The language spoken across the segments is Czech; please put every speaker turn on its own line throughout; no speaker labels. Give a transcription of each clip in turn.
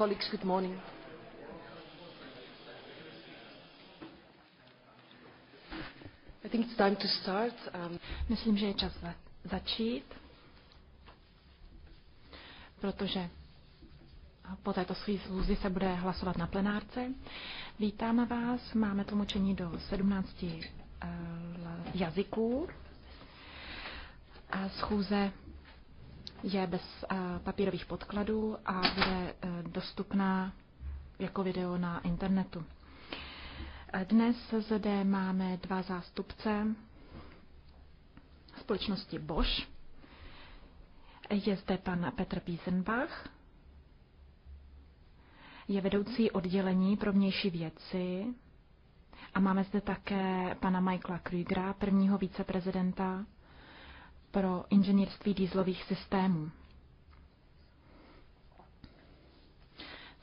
Colleagues, good morning.
I think it's time to start. Um... Myslím, že je čas za- začít, protože po této schůzi se bude hlasovat na plenárce. Vítáme vás, máme tlumočení do 17 eh, jazyků. A schůze je bez eh, papírových podkladů a bude eh, dostupná jako video na internetu. Eh, dnes zde máme dva zástupce společnosti Bosch. Je zde pan Petr Písenbach, je vedoucí oddělení pro vnější věci a máme zde také pana Michaela Krügera, prvního viceprezidenta pro inženýrství dýzlových systémů.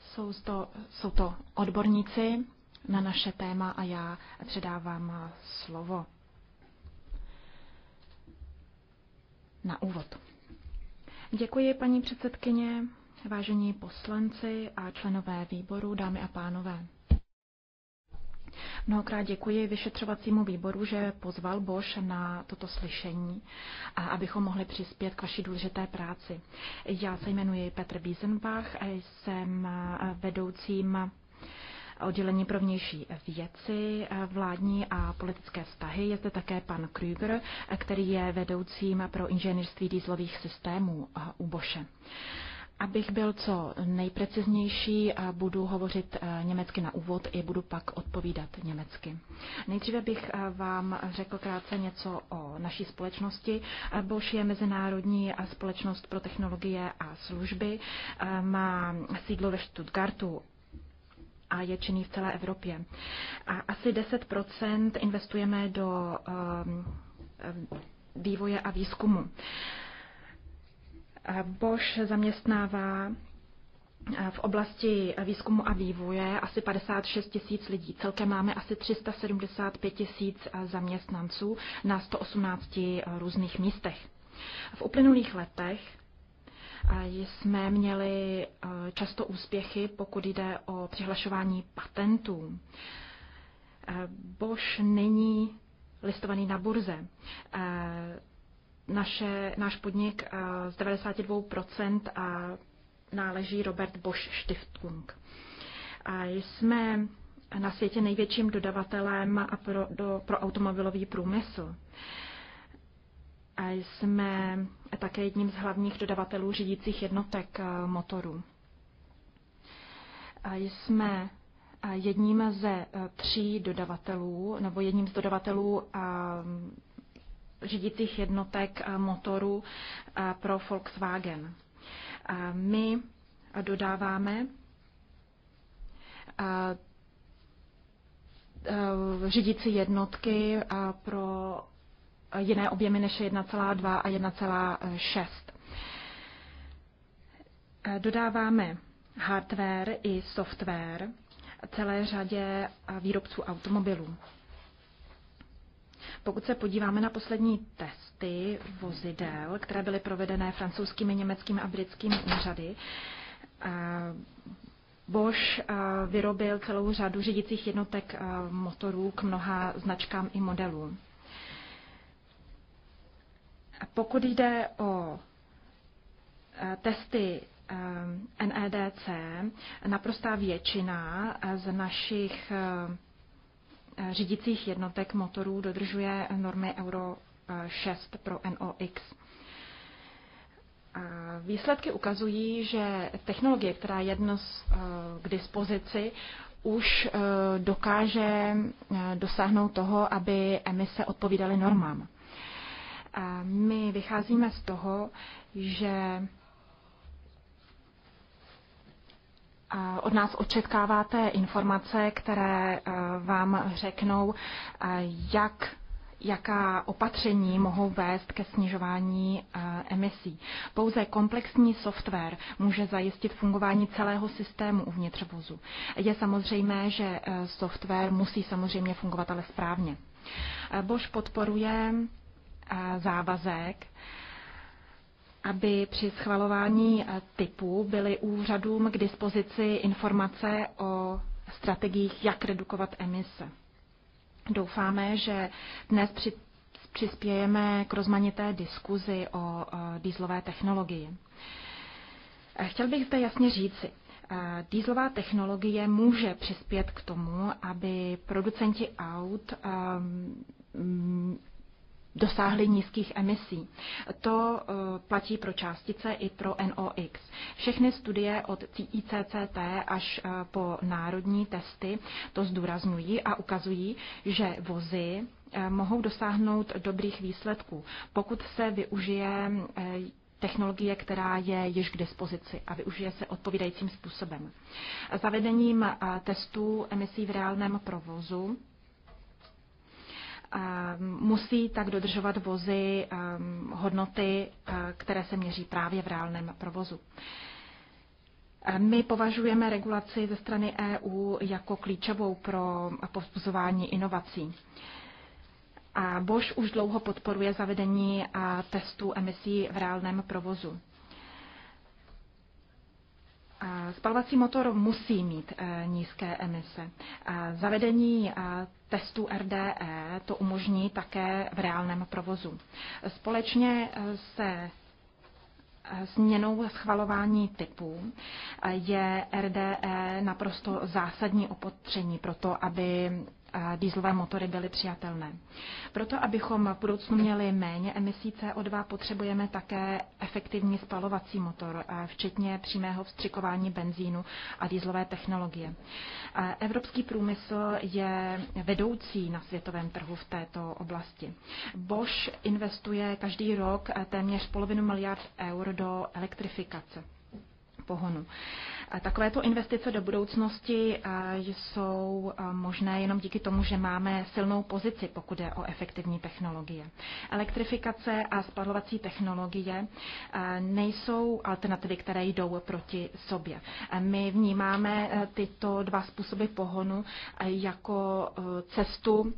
Jsou to, jsou to odborníci na naše téma a já předávám slovo na úvod. Děkuji, paní předsedkyně, vážení poslanci a členové výboru, dámy a pánové. Mnohokrát děkuji vyšetřovacímu výboru, že pozval Boš na toto slyšení, a abychom mohli přispět k vaší důležité práci. Já se jmenuji Petr Biesenbach a jsem vedoucím oddělení pro vnější věci, vládní a politické vztahy. Je zde také pan Krüger, který je vedoucím pro inženýrství dýzlových systémů u Boše. Abych byl co nejpreciznější, budu hovořit eh, německy na úvod i budu pak odpovídat německy. Nejdříve bych eh, vám řekl krátce něco o naší společnosti. Eh, Bosch je mezinárodní společnost pro technologie a služby. Má sídlo ve Stuttgartu a je činný v celé Evropě. A asi 10 investujeme do ehm, ehm, vývoje a výzkumu. Bosch zaměstnává v oblasti výzkumu a vývoje asi 56 tisíc lidí. Celkem máme asi 375 tisíc zaměstnanců na 118 různých místech. V uplynulých letech jsme měli často úspěchy, pokud jde o přihlašování patentů. Bosch není listovaný na burze naše, náš podnik eh, z 92% eh, náleží Robert Bosch Stiftung. Jsme na světě největším dodavatelem pro, do, pro automobilový průmysl. Jsme také jedním z hlavních dodavatelů řídících jednotek eh, motorů. Jsme jedním ze tří dodavatelů, nebo jedním z dodavatelů řídicích jednotek eh, motorů eh, pro Volkswagen. Eh, my dodáváme řídící jednotky pro jiné objemy než 1,2 a 1,6. Dodáváme hardware i software celé řadě výrobců automobilů. Pokud se podíváme na poslední testy vozidel, které byly provedené francouzskými, německými a britskými úřady, eh, Bosch eh, vyrobil celou řadu řídicích jednotek eh, motorů k mnoha značkám i modelům. Pokud jde o testy NEDC, naprostá většina z našich řídicích jednotek motorů dodržuje normy Euro 6 eh, pro NOx. Výsledky ukazují, že technologie, která je jedno eh, k dispozici, už eh, dokáže dosáhnout toho, aby emise odpovídaly normám. My vycházíme z toho, že od nás očekáváte informace, které eh, vám řeknou, eh, jak jaká opatření mohou vést ke snižování eh, emisí. Pouze komplexní software může zajistit fungování celého systému uvnitř vozu. Je samozřejmé, že software musí samozřejmě fungovat ale správně. Bosch podporuje závazek, aby při schvalování eh, typu byly úřadům k dispozici informace o strategiích, jak redukovat emise. Doufáme, že dnes při, přispějeme k rozmanité diskuzi o eh, dýzlové technologii. Eh, chtěl bych zde jasně říci, Dýzlová technologie může přispět k tomu, aby producenti aut ehm, dosáhly nízkých emisí. To eh, platí pro částice i pro NOx. Všechny studie od ICCT až eh, po národní testy to zdůrazňují a ukazují, že vozy eh, mohou dosáhnout dobrých výsledků, pokud se využije technologie, která je již k dispozici a využije se odpovídajícím způsobem. Zavedením testů emisí v reálném provozu musí tak dodržovat vozy ehm, hodnoty, eh, které se měří právě v reálném provozu. My považujeme regulaci ze strany EU jako klíčovou pro povzbuzování inovací. A Bosch už dlouho podporuje zavedení testů emisí v reálném provozu. Spalovací motor musí mít e, nízké emise. Zavedení e, testů RDE to umožní také v reálném provozu. Společně e, se změnou schvalování typů je RDE naprosto zásadní opatření pro to, aby dýzlové motory byly přijatelné. Proto, abychom v budoucnu měli méně emisí CO2, potřebujeme také efektivní spalovací motor, včetně přímého vstřikování benzínu a dýzlové technologie. Evropský průmysl je vedoucí na světovém trhu v této oblasti. Bosch investuje každý rok téměř polovinu miliard eur do elektrifikace pohonu. Takovéto investice do budoucnosti jsou možné jenom díky tomu, že máme silnou pozici, pokud je o efektivní technologie. Elektrifikace a spalovací technologie nejsou alternativy, které jdou proti sobě. My vnímáme tyto dva způsoby pohonu jako e, cestu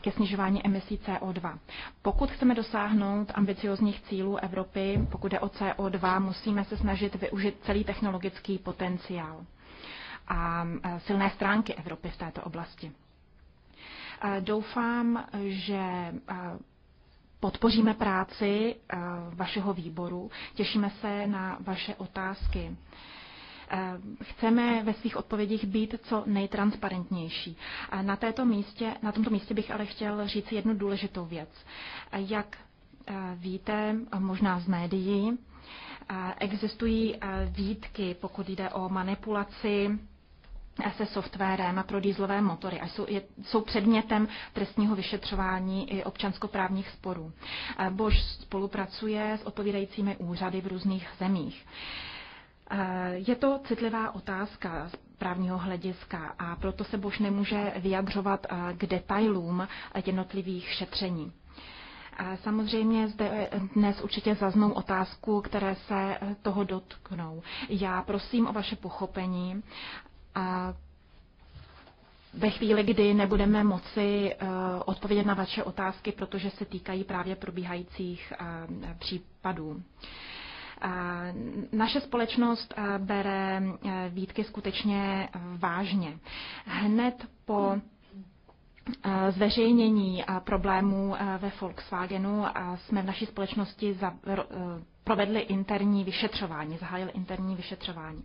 ke snižování emisí CO2. Pokud chceme dosáhnout ambiciozních cílů Evropy, pokud je o CO2, musíme se snažit využít celý technologický potenciál a silné stránky Evropy v této oblasti. Doufám, že podpoříme práci vašeho výboru. Těšíme se na vaše otázky. Chceme ve svých odpovědích být co nejtransparentnější. Na, této místě, na tomto místě bych ale chtěl říct jednu důležitou věc. Jak víte, možná z médií, Existují e, výtky, pokud jde o manipulaci e, se softwarem pro dýzlové motory a jsou, je, jsou předmětem trestního vyšetřování i občanskoprávních sporů. E, Bož spolupracuje s odpovídajícími úřady v různých zemích. Je to citlivá otázka z právního hlediska a proto se Bož nemůže vyjadřovat k detailům jednotlivých šetření. Samozřejmě zde eh, dnes určitě zaznou otázku, které se eh, toho dotknou. Já prosím o vaše pochopení. A ve chvíli, kdy nebudeme moci eh, odpovědět na vaše otázky, protože se týkají právě probíhajících případů. Naše společnost bere výtky skutečně vážně. Hned po Eh, zveřejnění eh, problémů eh, ve Volkswagenu a jsme v naší společnosti za, provedli interní vyšetřování, zahájili interní vyšetřování.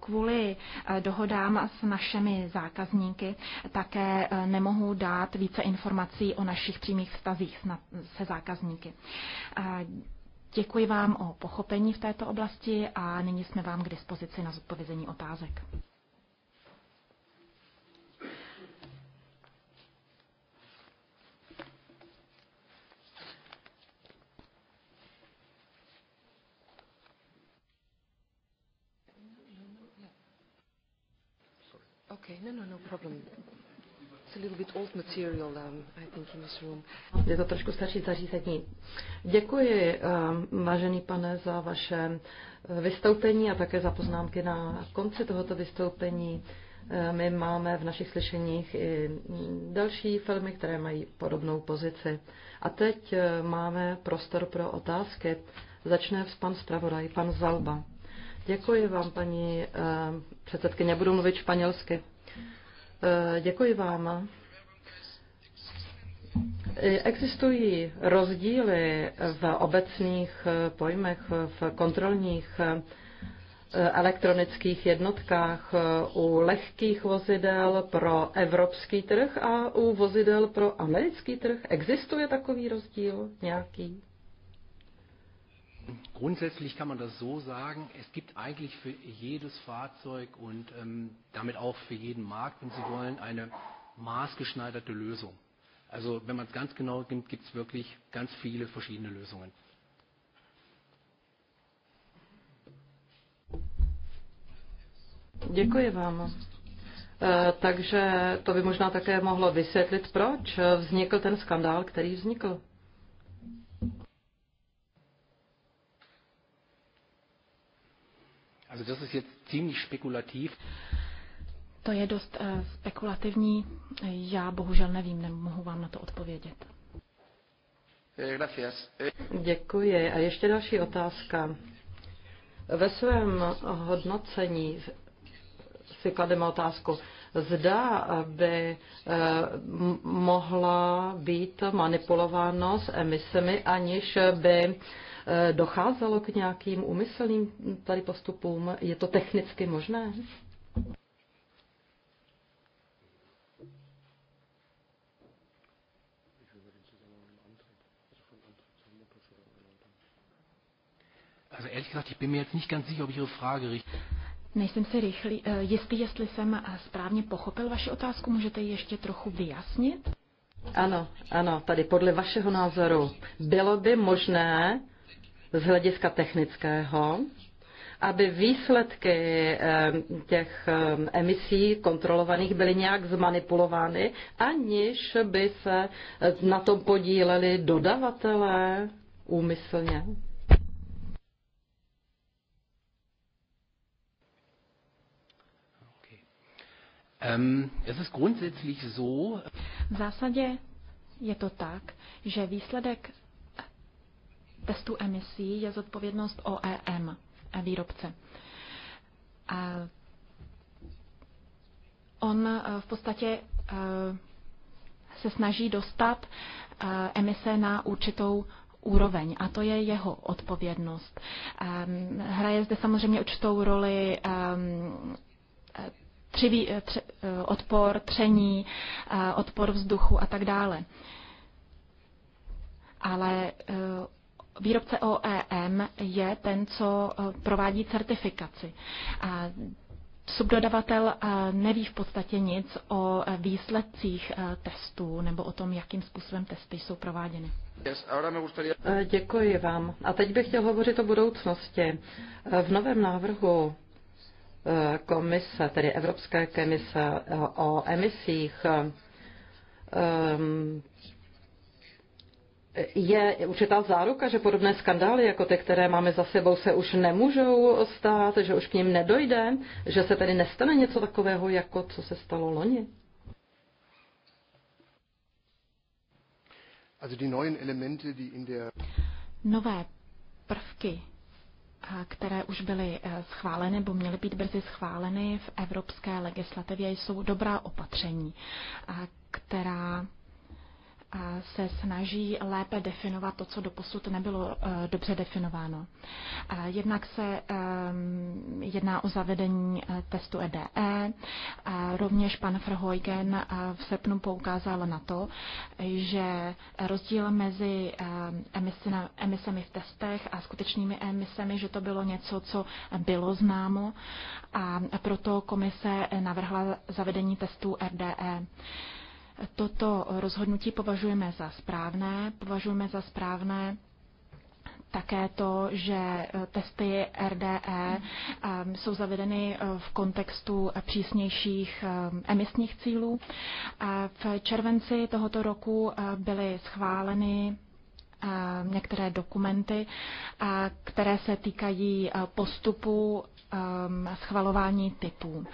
Kvůli dohodám s našimi zákazníky také nemohu dát více informací o našich přímých vztazích se zákazníky. Děkuji vám o pochopení v této oblasti a nyní jsme vám k dispozici na zodpovězení otázek.
No, no, no problem. It's a little bit old material, um, I think, in this room. Je to trošku starší zařízení. Děkuji, um, vážený pane, za vaše eh, vystoupení a také za poznámky na konci tohoto vystoupení. Eh, my máme v našich slyšeních i mm, další filmy, které mají podobnou pozici. A teď eh, máme prostor pro otázky. Začne pan zpravodaj, pan Zalba. Děkuji vám, paní předsedkyně, budu mluvit španělsky. Eh, děkuji vám. Eh, existují rozdíly v obecných eh, pojmech, v kontrolních elektronických jednotkách u lehkých vozidel pro evropský trh a u vozidel pro americký trh. Existuje takový rozdíl nějaký?
Grundsätzlich kann man das so sagen, es gibt eigentlich für jedes Fahrzeug und ähm, damit auch für jeden Markt, wenn Sie wollen, eine maßgeschneiderte Lösung. Also wenn man es ganz genau nimmt, gibt es wirklich ganz viele verschiedene Lösungen.
Děkuji vám. Eh, takže to by možná také mohlo vysvětlit, proč vznikl ten skandál, který vznikl.
Also das ist jetzt ziemlich spekulativ.
To je dost eh, spekulativní. Já bohužel nevím, nemohu vám na
to odpovědět.
Eh, gracias. Eh,
Děkuji. A ještě další otázka. Ve svém hodnocení si klademe otázku, zda by mohla být manipulováno s emisemi, aniž by Eh, docházelo k nějakým umyslným tady postupům? Je to technicky možné?
Also ehrlich gesagt, ich bin mir jetzt nicht ganz sicher, ob ich Ihre Frage richtig.
Nejsem si rychlý, eh, jistý, jestli jsem eh, správně pochopil vaši otázku, můžete ji ještě trochu vyjasnit?
Ano, ano, tady podle vašeho názoru bylo by možné z hlediska technického, aby výsledky eh, těch eh, emisí kontrolovaných byly nějak zmanipulovány, aniž by se eh, na tom podíleli dodavatelé úmyslně?
Ähm,
v zásadě je to tak, že výsledek testů emisí je zodpovědnost OEM eh, výrobce. A on eh, v podstatě eh, se snaží dostat emise na určitou úroveň a to je jeho odpovědnost. Ehm, hraje zde samozřejmě určitou roli ehm, odpor tření, odpor vzduchu a tak dále. Ale výrobce OEM je ten, co eh, provádí certifikaci. A subdodavatel eh, neví v podstatě nic o eh, výsledcích testů nebo o tom, jakým
způsobem testy jsou prováděny. Děkuji vám. A teď bych chtěl hovořit o budoucnosti. V novém návrhu komise, tedy Evropské komise o emisích, je určitá záruka, že podobné skandály, jako ty, které máme za sebou, se už nemůžou stát, že už k ním nedojde, že se tedy nestane něco takového, jako co se stalo loni? Nové prvky,
eh, které už byly eh, schváleny nebo měly být brzy schváleny v evropské legislativě, jsou dobrá opatření, eh, která se snaží lépe definovat to, co doposud nebylo eh, dobře definováno. Jednak se ehm, jedná o zavedení eh, testu EDE. E rovněž pan Verheugen eh, v srpnu poukázal na to, že rozdíl mezi ehm, emisemi v testech a skutečnými emisemi, že to bylo něco, co bylo známo a proto komise navrhla zavedení testů RDE. Toto rozhodnutí považujeme za správné. Považujeme za správné také to, že testy RDE um, jsou zavedeny uh, v kontextu přísnějších um, emisních cílů. V červenci tohoto roku uh, byly schváleny uh, některé dokumenty, které se týkají postupu um, schvalování typů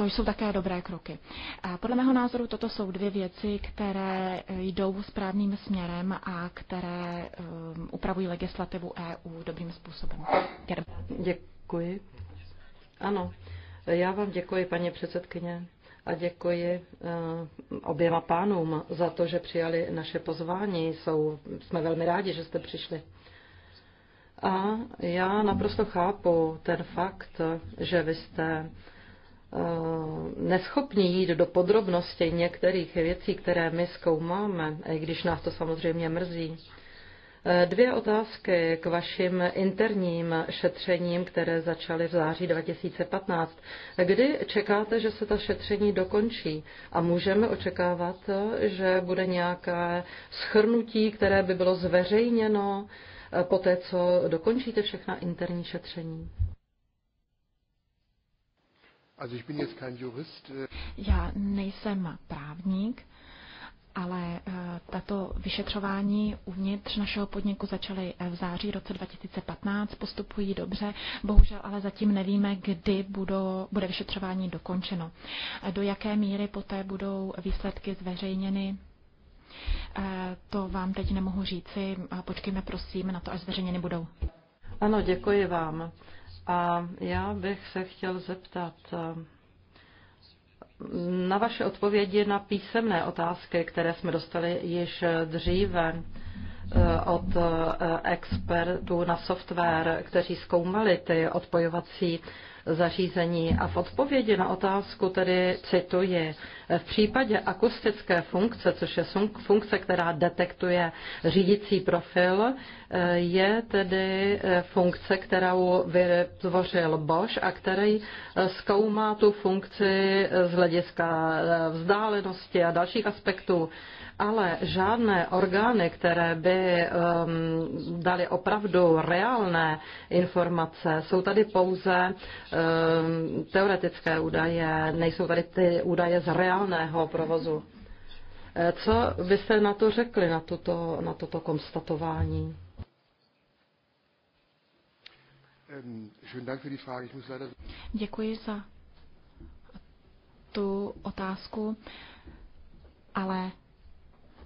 to jsou také dobré kroky. A podle mého názoru toto jsou dvě věci, které jdou správným směrem a které um, upravují legislativu
EU dobrým způsobem. Děkuji. Ano, já vám děkuji, paní předsedkyně, a děkuji uh, oběma pánům za to, že přijali naše pozvání. Jsou, jsme velmi rádi, že jste přišli. A já naprosto chápu ten fakt, že vy jste Eh, neschopni jít do podrobností některých věcí, které my zkoumáme, i když nás to samozřejmě mrzí. Eh, dvě otázky k vašim interním šetřením, které začaly v září 2015. Kdy čekáte, že se ta šetření dokončí? A můžeme očekávat, že bude nějaké schrnutí, které by bylo zveřejněno eh, po té, co dokončíte všechna interní šetření?
Also ich bin jetzt kein Jurist. Äh, Já
nejsem právník,
ale eh, tato vyšetřování uvnitř našeho podniku začaly eh, v září roce 2015, postupují dobře, bohužel ale zatím nevíme, kdy budou, bude vyšetřování dokončeno. Do jaké míry poté budou výsledky zveřejněny, eh, to vám teď nemohu říci, počkejme prosím na to, až zveřejněny
budou. Ano, děkuji vám. A já bych se chtěl zeptat eh, na vaše odpovědi na písemné otázky, které jsme dostali již dříve eh, od eh, expertů na software, kteří zkoumali ty odpojovací zařízení. A v odpovědi na otázku tedy cituji, v případě akustické funkce, což je funkce, která detektuje řídící profil, je tedy eh, funkce, kterou vytvořil Bosch a který eh, zkoumá tu funkci eh, z hlediska vzdálenosti a dalších aspektů ale žádné orgány, které by um, dali opravdu reálné informace, jsou tady pouze um, teoretické údaje, nejsou tady ty údaje z reálného provozu. Eh, co byste na to řekli, na, tuto, na toto konstatování? Děkuji za
tu otázku, ale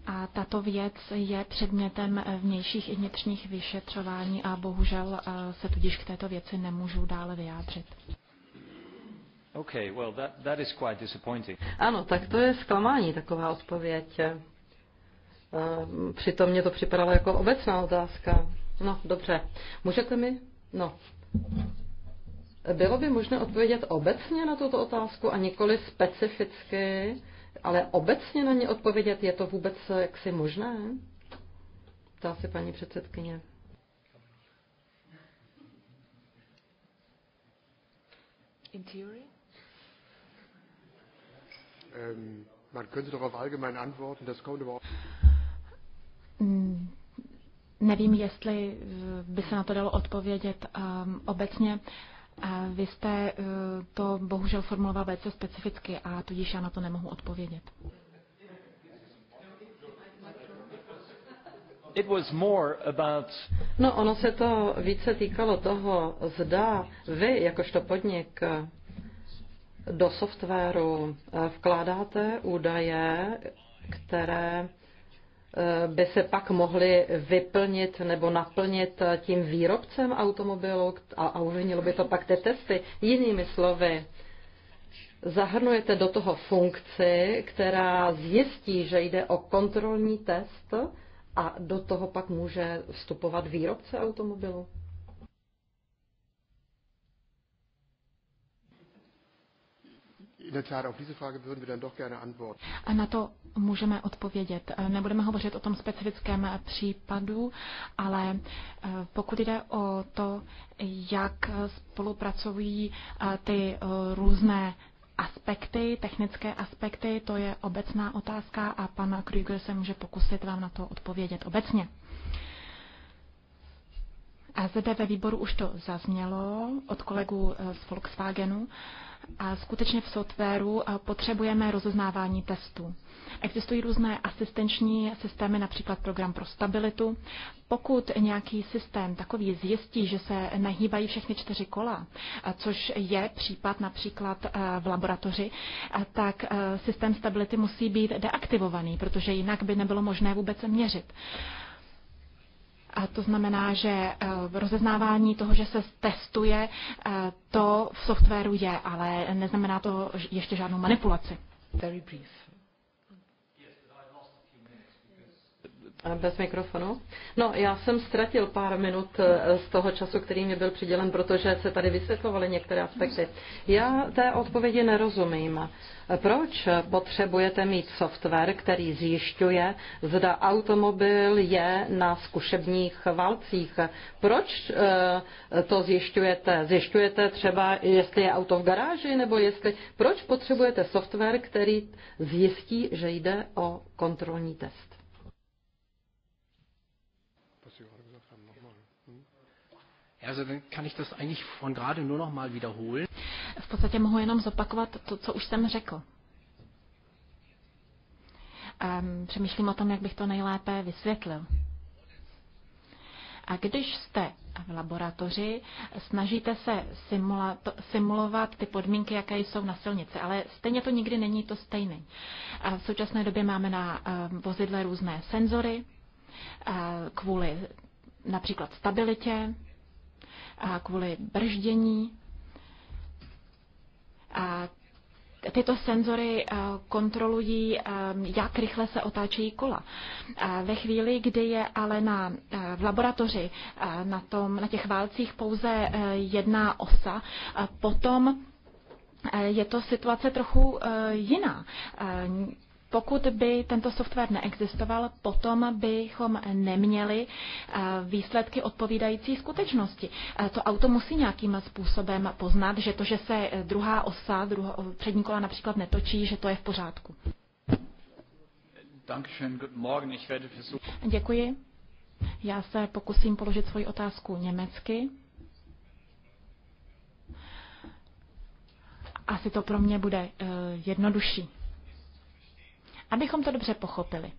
a tato věc je předmětem vnějších i vnitřních vyšetřování a bohužel eh, se tudíž k této věci nemůžu dále vyjádřit. Okay, well, that, that is quite disappointing. Ano, tak
to je zklamání, taková odpověď. Eh, přitom mě to připadalo jako obecná otázka. No, dobře. Můžete mi? No. Bylo by možné odpovědět obecně na tuto otázku a nikoli specificky ale obecně na ně odpovědět, je to vůbec jaksi možné? Ptá se paní předsedkyně.
In theory?
Um, man könnte allgemein antworten, das kommt überhaupt.
Hm, nevím, jestli by se na to dalo odpovědět um, obecně. Uh, vy jste eh, to bohužel formuloval velice specificky a tudíž já na to nemohu odpovědět. It was more about...
No, ono se to více týkalo toho, zda vy, jakožto podnik, do softwaru eh, vkládáte údaje, které by se pak mohly vyplnit nebo naplnit tím výrobcem automobilu a ovlivnilo by to pak ty testy. Jinými slovy, zahrnujete do toho funkci, která zjistí, že jde o kontrolní test a do toho pak může vstupovat výrobce automobilu?
A na to můžeme odpovědět. Eh, nebudeme hovořit o tom specifickém eh, případu, ale eh, pokud jde o to, jak spolupracují ty různé aspekty, technické aspekty, to je obecná otázka a pan Krüger se může pokusit vám na to odpovědět obecně. A zde ve výboru už to zaznělo od kolegů eh, z Volkswagenu. A skutečně v softwaru eh, potřebujeme rozeznávání testů. Existují různé asistenční systémy, například program pro stabilitu. Pokud nějaký systém takový zjistí, že se nehýbají všechny čtyři kola, eh, což je případ například v laboratoři, tak systém stability musí být deaktivovaný, protože jinak by nebylo možné vůbec měřit. A to znamená, že eh, rozeznávání toho, že se testuje, eh, to v softwaru je, ale neznamená to ještě žádnou manipulaci. Very
brief. Bez mikrofonu. No, já jsem ztratil pár minut eh, z toho času, který mi byl přidělen, protože se tady vysvětlovaly některé aspekty. Já té odpovědi nerozumím. Proč potřebujete mít software, který zjišťuje, zda automobil je na zkušebních valcích? Proč eh, to zjišťujete? Zjišťujete třeba, jestli je auto v garáži, nebo jestli... Proč potřebujete software, který zjistí, že jde o kontrolní test?
Also dann kann ich das eigentlich von gerade nur noch mal wiederholen. V podstatě mohu jenom
zopakovat to, co už jsem řekl. Um, přemýšlím o tom, jak bych to nejlépe vysvětlil. A když jste v laboratoři, snažíte se simulovat ty podmínky, jaké jsou na silnici, ale stejně to nikdy není to stejné. A v současné době máme na ehm, vozidle různé senzory kvůli například stabilitě, a kvůli brždění. A tyto senzory eh, kontrolují, eh, jak rychle se otáčejí kola. Ve chvíli, kdy je ale na, eh, v laboratoři na, tom, na těch válcích pouze jedna osa, potom je to situace trochu jiná. Pokud by tento software neexistoval, potom bychom neměli eh, výsledky odpovídající skutečnosti. Eh, to auto musí nějakým způsobem poznat, že to, že se eh, druhá osa, druhá, přední kola například netočí, že to je v pořádku. Děkuji. Já se pokusím položit svoji otázku německy. Asi to pro mě bude jednodušší. Abychom to dobře pochopili.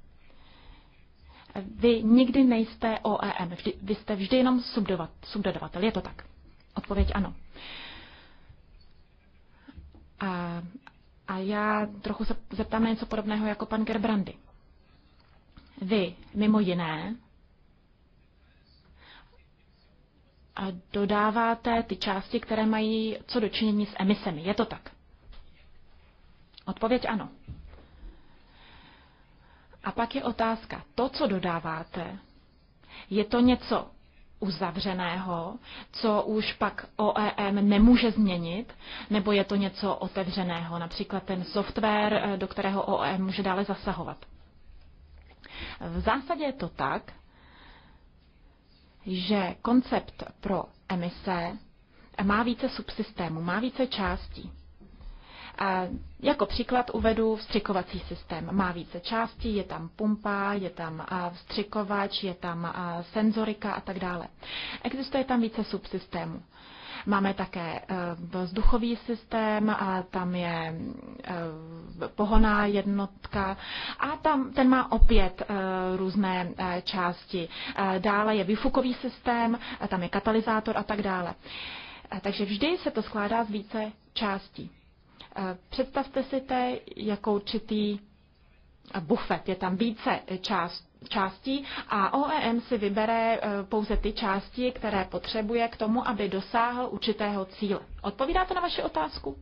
Vy nikdy nejste OEM, vždy, vy jste vždy jenom subdodavatel, je to tak? Odpověď ano. A, a já trochu se zeptám na něco podobného jako pan Gerbrandy. Vy, mimo jiné, a dodáváte ty části, které mají co dočinění s emisemi. Je to tak? Odpověď ano. A pak je otázka, to, co dodáváte, je to něco uzavřeného, co už pak OEM nemůže změnit, nebo je to něco otevřeného, například ten software, eh, do kterého OEM může dále zasahovat. V zásadě je to tak, že koncept pro emise má více subsystémů, má více částí. Jako příklad uvedu vstřikovací systém. Má více částí, je tam pumpa, je tam vstřikovač, je tam senzorika a tak dále. Existuje tam více subsystémů. Máme také e, vzduchový systém, a tam je e, pohoná jednotka a tam ten má opět e, různé části. Dále je výfukový systém, tam je katalyzátor a tak dále. Takže vždy se to skládá z více částí. Eh, představte si to jako určitý eh, bufet, je tam více eh, část, částí a OEM si vybere pouze ty části, které potřebuje k tomu, aby dosáhl určitého cíle. Odpovídá to na vaši otázku?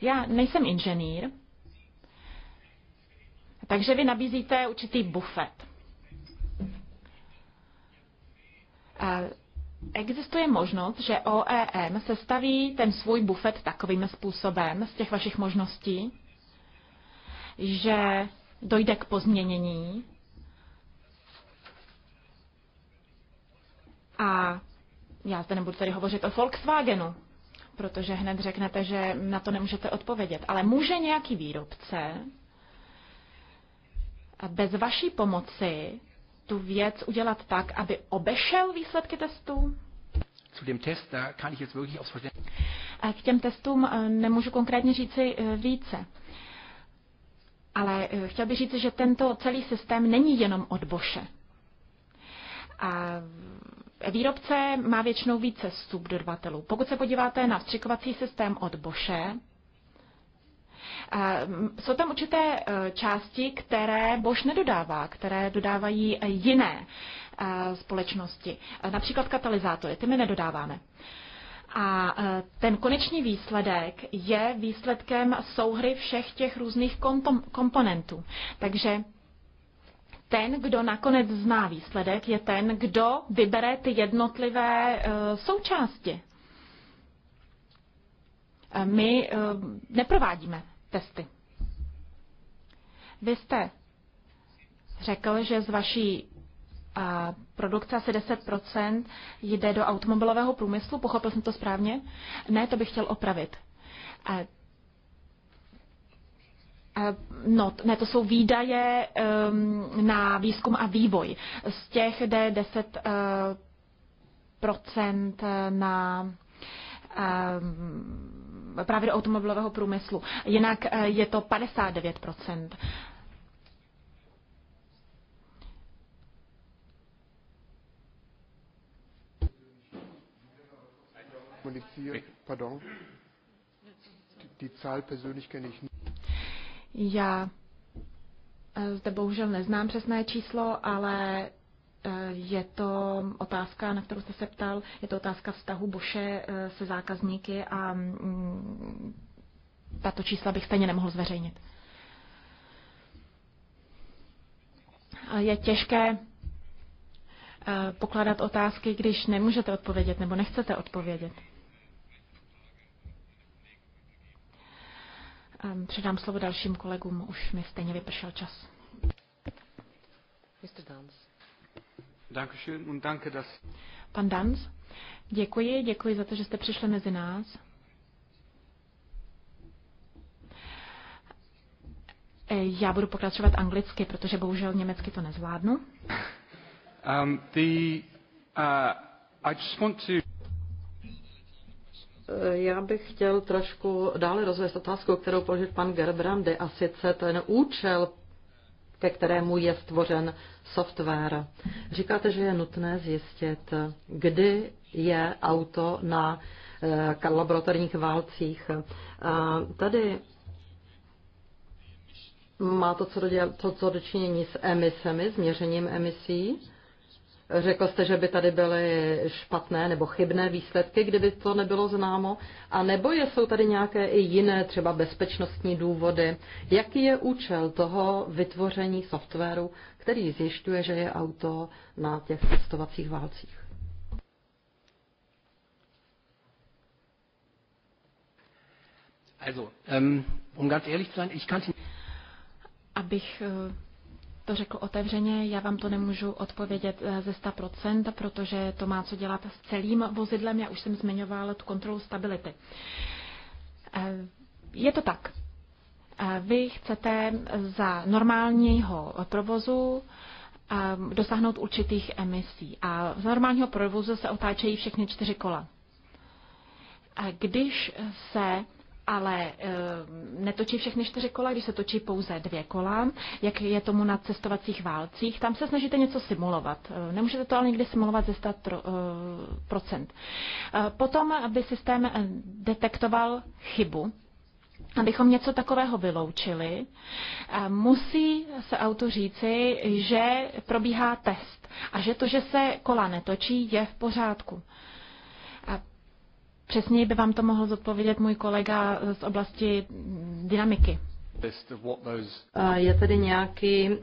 Já nejsem inženýr, takže vy nabízíte určitý bufet. Existuje možnost, že OEM sestaví ten svůj bufet takovým způsobem z těch vašich možností, že dojde k pozměnění a já zde nebudu tady hovořit o Volkswagenu, protože hned řeknete, že na to nemůžete odpovědět. Ale může nějaký výrobce bez vaší pomoci tu věc udělat tak, aby obešel výsledky testů? K těm testům eh, nemůžu konkrétně říci eh, více. Ale eh, chtěl bych říci, že tento celý systém není jenom od Boše. A výrobce má většinou více subdodavatelů. Pokud se podíváte na vstřikovací systém od Boše, Mm, jsou tam určité e, části, které Bosch nedodává, které dodávají e, jiné e, společnosti, například katalyzátory, ty my nedodáváme. A ten konečný výsledek je výsledkem souhry všech těch různých komponentů. Takže ten, kdo nakonec zná výsledek, je ten, kdo vybere ty jednotlivé součásti. My neprovádíme testy. Vy jste řekl, že z vaší a produkce asi 10% jde do automobilového průmyslu, pochopil jsem to správně? Ne, to bych chtěl opravit. A, no, ne, to jsou výdaje um, na výzkum a vývoj. Z těch jde 10% uh, procent uh, na um, právě do automobilového průmyslu. Jinak eh, je to 59 Já eh, zde bohužel neznám přesné číslo, ale Eh, je to otázka, na kterou jste se ptal, je to otázka vztahu Boše eh, se zákazníky a mm, tato čísla bych stejně nemohl zveřejnit. Je těžké eh, pokládat otázky, když nemůžete odpovědět nebo nechcete odpovědět. Ehm, předám slovo dalším kolegům, už mi stejně vypršel čas. Mr. Dance. Pan Danz, děkuji, děkuji za to, že jste přišli mezi nás. Já budu pokračovat anglicky, protože bohužel německy to nezvládnu.
Um, the, uh, I just want to... Já bych chtěl trošku dále rozvést otázku, kterou položil pan Gerbrande, a sice ten účel ke kterému je stvořen software. Říkáte, že je nutné zjistit, kdy je auto na eh, laboratorních válcích. Eh, tady má to co, do, to, co dočinění s emisemi, s měřením emisí. Řekl jste, že by tady byly špatné nebo chybné výsledky, kdyby to nebylo známo? A nebo jsou tady nějaké i jiné, třeba bezpečnostní důvody? Jaký je účel toho vytvoření softwaru, který zjišťuje, že je auto na těch testovacích válcích?
Also, ähm, um ganz ehrlich zu sein, ich kannte...
Abych to řekl otevřeně, já vám to nemůžu odpovědět eh, ze 100%, protože to má co dělat s celým vozidlem, já už jsem zmiňoval tu kontrolu stability. Eh, je to tak. Eh, vy chcete za normálního provozu dosáhnout určitých emisí a z normálního provozu se otáčejí všechny čtyři kola. Když se ale eh, netočí všechny čtyři kola, když se točí pouze dvě kola, jak je tomu na cestovacích válcích. Tam se snažíte něco simulovat. Eh, nemůžete to ale nikdy simulovat ze 100%. Eh, potom, aby systém detektoval chybu, abychom něco takového vyloučili, musí se auto říci, že probíhá test a že to, že se kola netočí, je v pořádku. Přesněji by vám to mohl zodpovědět
můj kolega z oblasti dynamiky. Je tedy nějaký mm,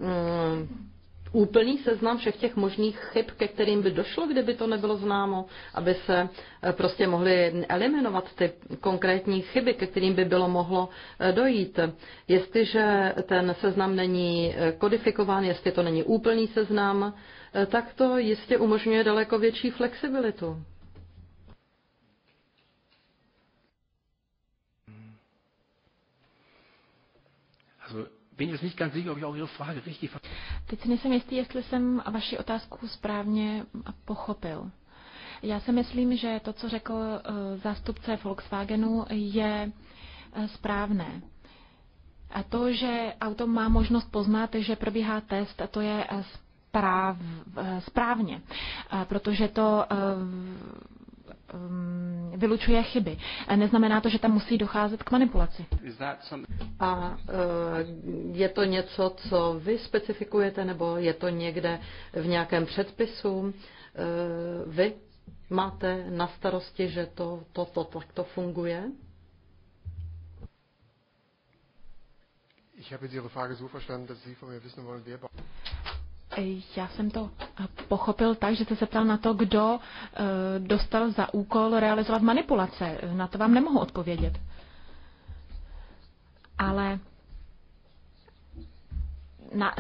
úplný seznam všech těch možných chyb, ke kterým by došlo, kdyby to nebylo známo, aby se e, prostě mohly eliminovat ty konkrétní chyby, ke kterým by bylo mohlo e, dojít. Jestliže ten seznam není e, kodifikován, jestli to není úplný seznam, tak to jistě umožňuje daleko větší flexibilitu.
bin jetzt nicht ganz sicher, ob ich auch Ihre Frage richtig verstanden
habe. Teď si nejsem jistý, jestli jsem vaši otázku správně pochopil. Já si myslím, že to, co řekl uh, zástupce Volkswagenu, je uh, správné. A to, že auto má možnost poznat, že probíhá test, to je uh, správ, uh, správně, uh, protože to uh, Um, vylučuje chyby. E, neznamená to, že tam musí docházet k manipulaci.
A e, je to něco, co vy specifikujete, nebo je to někde v nějakém předpisu? E, vy máte na starosti, že to, to, to to funguje?
Já jsem to eh, pochopil tak, že jste se ptal na to, kdo eh, dostal za úkol realizovat manipulace. Na to vám nemohu odpovědět. Ale na,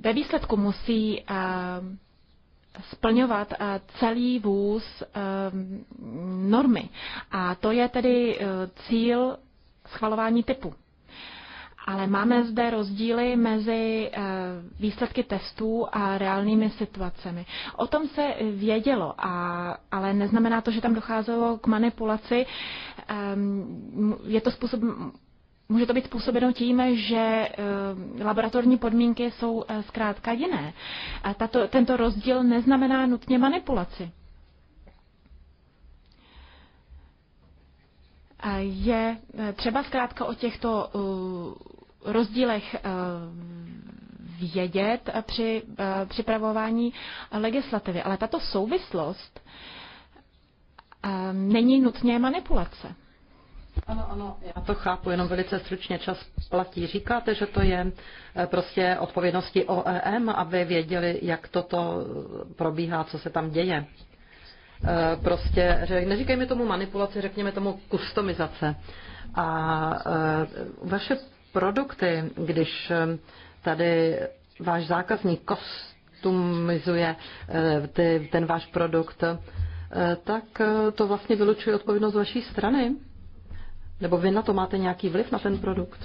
ve výsledku musí eh, splňovat celý vůz normy. A to je tedy cíl schvalování typu. Ale máme zde rozdíly mezi eh, výsledky testů a reálnými situacemi. O tom se vědělo, a, ale neznamená to, že tam docházelo k manipulaci. Ehm, je to způsob, Může to být způsobeno tím, že eh, laboratorní podmínky jsou eh, zkrátka jiné. A tato, tento rozdíl neznamená nutně manipulaci. je třeba zkrátka o těchto rozdílech eh, vědět při eh, připravování legislativy. Ale tato
souvislost eh, není nutně manipulace. Ano, ano, já to chápu, jenom velice stručně čas platí. Říkáte, že to je prostě odpovědnosti OEM, aby věděli, jak toto probíhá, co se tam děje. Prostě, neříkejme tomu manipulace, řekněme tomu kustomizace. A vaše produkty, když eh, tady váš zákazník kostumizuje eh, ty, ten váš produkt, eh, tak to vlastně vylučuje odpovědnost z vaší strany? Nebo vy na to máte nějaký vliv na ten produkt?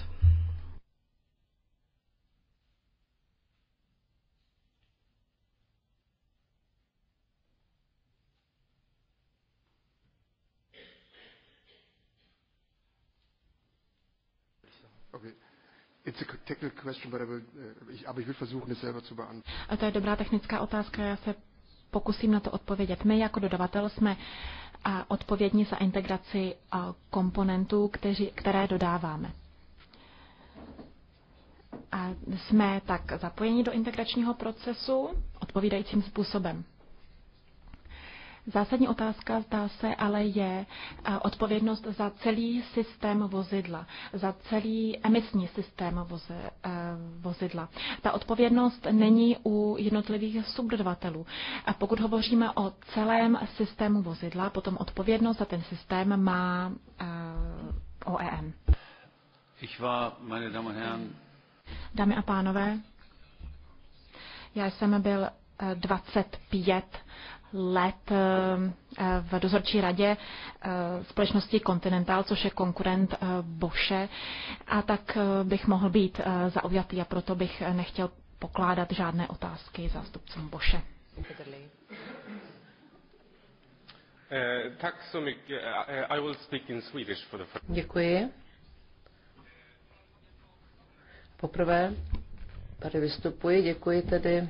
Uh,
a to je dobrá technická otázka, já se pokusím na to odpovědět. My jako dodavatel jsme odpovědní za integraci komponentů, kteří, které dodáváme. A jsme tak zapojeni do integračního procesu odpovídajícím způsobem. Zásadní otázka zdá se ale je odpovědnost za celý systém vozidla, za celý emisní systém voze, vozidla. Ta odpovědnost není u jednotlivých subdodavatelů. A pokud hovoříme o celém systému vozidla, potom odpovědnost za ten systém má OEM.
Ich war, meine Damen und Herren,
Dámy a pánové, já jsem byl 25 e, let eh, eh, v dozorčí radě eh, společnosti Continental, což je konkurent Boše. a tak bych mohl být zaujatý a proto bych nechtěl pokládat žádné otázky zástupcům Boše.
Děkuji. Poprvé tady vystupuji, děkuji tedy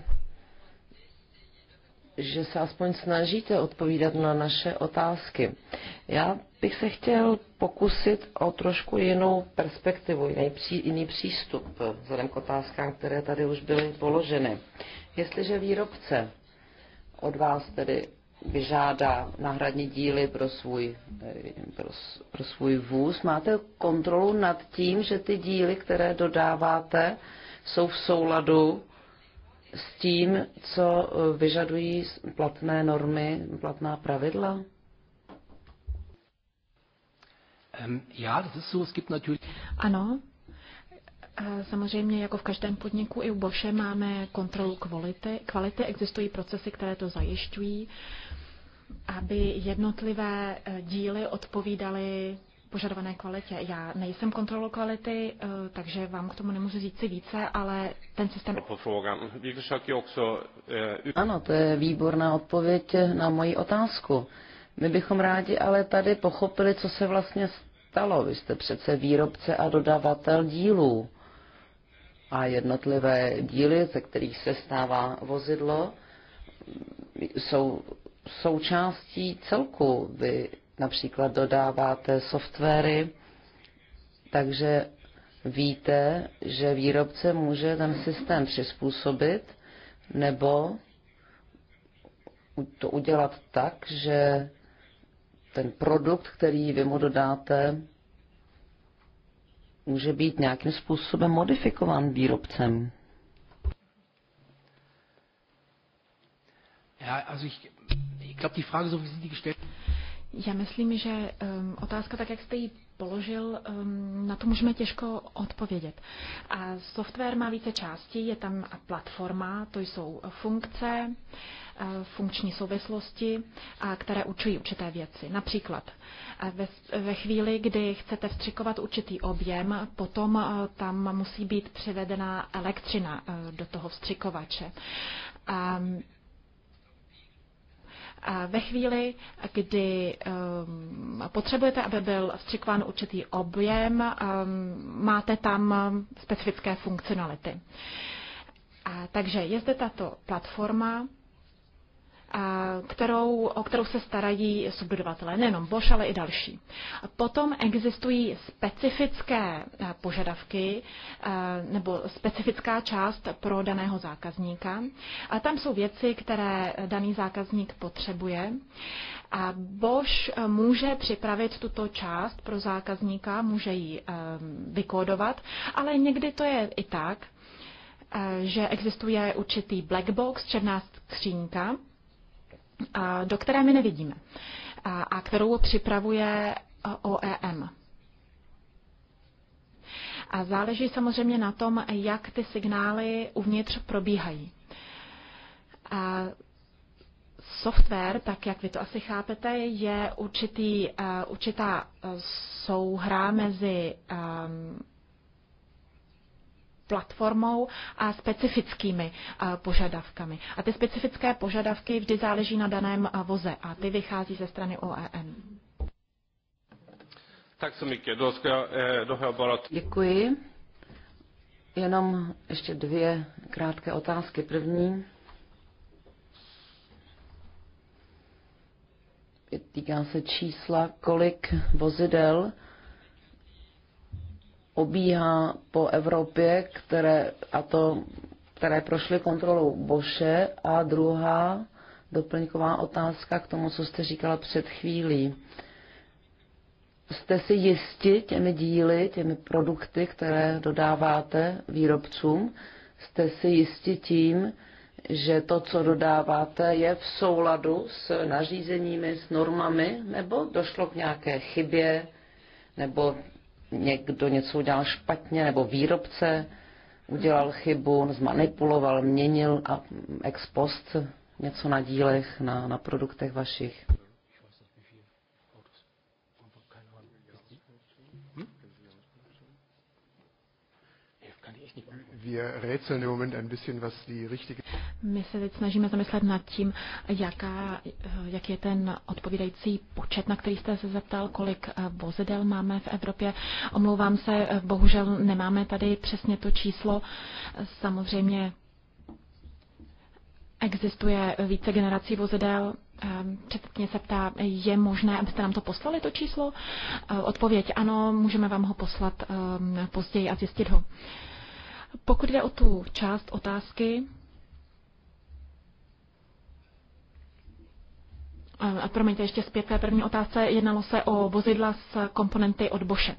že se aspoň snažíte odpovídat na naše otázky. Já bych se chtěl pokusit o trošku jinou perspektivu, jiný, pří, jiný přístup vzhledem k otázkám, které tady už byly položeny. Jestliže výrobce od vás tedy vyžádá náhradní díly pro svůj, pro, pro svůj vůz, máte kontrolu nad tím, že ty díly, které dodáváte, jsou v souladu s tím, co eh, vyžadují platné normy, platná pravidla? Ähm,
ano, Samozřejmě, jako v každém podniku, i u Boše máme kontrolu kvality. kvality. Existují procesy, které to zajišťují, aby jednotlivé eh, díly odpovídaly požadované kvalitě. Já nejsem kontrolou kvality, eh, takže vám k tomu nemůžu říct si více, ale ten systém... Eh,
ano, to je výborná odpověď na moji otázku. My bychom rádi ale tady pochopili, co se vlastně stalo. Vy jste přece výrobce a dodavatel dílů. A jednotlivé díly, ze kterých se stává vozidlo, jsou součástí celku. Vy například dodáváte softwary, takže víte, že výrobce může ten systém přizpůsobit nebo to udělat tak, že ten produkt, který vy mu dodáte, může být nějakým způsobem modifikován výrobcem.
Já, also ich, ich glaube, die Frage, so wie Sie die gestellt
já myslím, že um, otázka, tak jak jste ji položil, um, na to můžeme těžko odpovědět. A software má více částí, je tam platforma, to jsou funkce, eh, funkční souvislosti, které učují určité věci. Například eh, ve, ve chvíli, kdy chcete vstřikovat určitý objem, potom eh, tam musí být přivedena elektřina do toho vstřikovače. Um, ve chvíli, kdy um, potřebujete, aby byl vstřikován určitý objem, um, máte tam specifické funkcionality. A, takže je zde tato platforma, kterou, o kterou se starají subdodavatelé, nejenom Bosch, ale i další. Potom existují specifické eh, požadavky eh, nebo specifická část pro daného zákazníka. A tam jsou věci, které daný zákazník potřebuje. A Bosch eh, může připravit tuto část pro zákazníka, může ji vykódovat, ale někdy to je i tak, že existuje určitý black box, černá skřínka, do které my nevidíme a kterou připravuje OEM. A záleží samozřejmě na tom, jak ty signály uvnitř probíhají. A software, tak jak vy to asi chápete, je určitý, určitá souhra mezi um, platformou a specifickými eh, požadavkami. A ty specifické požadavky vždy záleží na daném eh, voze a ty vychází ze strany OEM.
Tak se mycket. Eh, Děkuji.
Jenom ještě dvě krátké otázky. První. Týká se čísla, kolik vozidel obíhá po Evropě, které, a to, které prošly kontrolou Boše. A druhá doplňková otázka k tomu, co jste říkala před chvílí. Jste si jisti těmi díly, těmi produkty, které dodáváte výrobcům? Jste si jisti tím, že to, co dodáváte, je v souladu s nařízeními, s normami, nebo došlo k nějaké chybě, nebo někdo něco udělal špatně nebo výrobce udělal chybu, zmanipuloval, měnil a ex post něco na dílech, na, na produktech vašich.
Wir rätseln im
Moment ein bisschen, was die richtige.
My se teď snažíme zamyslet nad tím, jaká, eh, jak je ten odpovídající počet, na který jste se zeptal, kolik eh, vozidel máme v Evropě. Omlouvám se, eh, bohužel nemáme tady přesně to číslo. Samozřejmě existuje více generací vozidel. Předtím se ptá, je možné, abyste nám to poslali, to číslo? Odpověď ano, můžeme vám ho poslat později a zjistit ho. Pokud jde o tu část otázky, a promiňte ještě zpět té první otázce, jednalo se o vozidla s komponenty od Boše.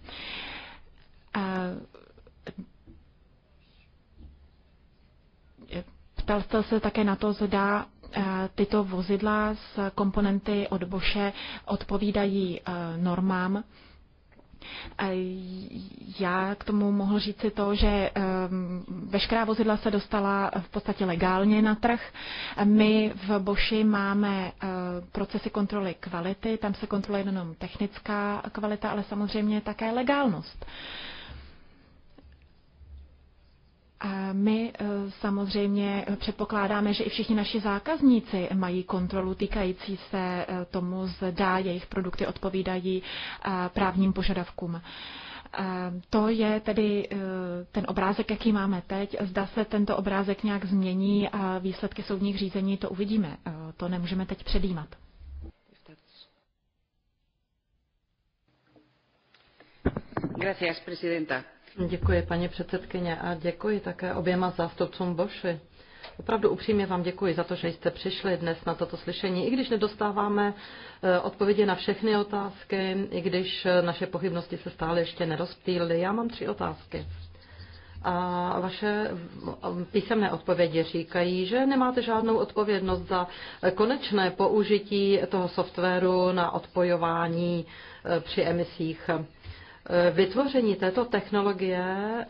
Ptal jste se také na to, zda tyto vozidla s komponenty od Boše odpovídají normám já k tomu mohl říci to, že ehm, veškerá vozidla se dostala v podstatě legálně na trh. My v Boši máme eh, procesy kontroly kvality, tam se kontroluje jenom technická kvalita, ale samozřejmě také legálnost. My e, samozřejmě předpokládáme, že i všichni naši zákazníci mají kontrolu týkající se e, tomu, zda jejich produkty odpovídají e, právním požadavkům. To je tedy ten obrázek, jaký máme teď. Zda se tento obrázek nějak změní a výsledky soudních řízení, to uvidíme. To nemůžeme teď předjímat.
Gracias, presidenta.
Děkuji, paní předsedkyně, a děkuji také oběma zástupcům Boši. Opravdu upřímně vám děkuji za to, že jste přišli dnes na toto slyšení, i když nedostáváme e, odpovědi na všechny otázky, i když e, naše pochybnosti se stále ještě nerozptýlily. Já mám tři otázky. A vaše e, písemné odpovědi říkají, že nemáte žádnou odpovědnost za konečné použití toho softwaru na odpojování při emisích. Vytvoření této technologie eh,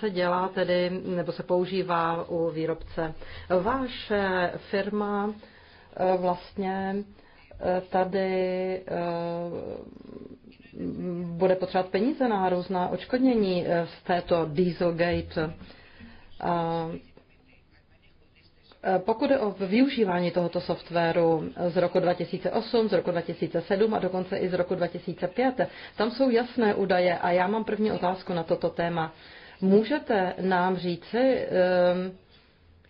se dělá tedy, nebo se používá u výrobce. Váše firma eh, vlastně eh, tady bude potřebovat peníze na různá očkodnění z této Dieselgate. Eh, pokud je o využívání tohoto softwaru eh, z roku 2008, z roku 2007 a dokonce i z roku 2005, tam jsou jasné údaje a já mám první otázku na toto téma. Můžete nám říci, ehm,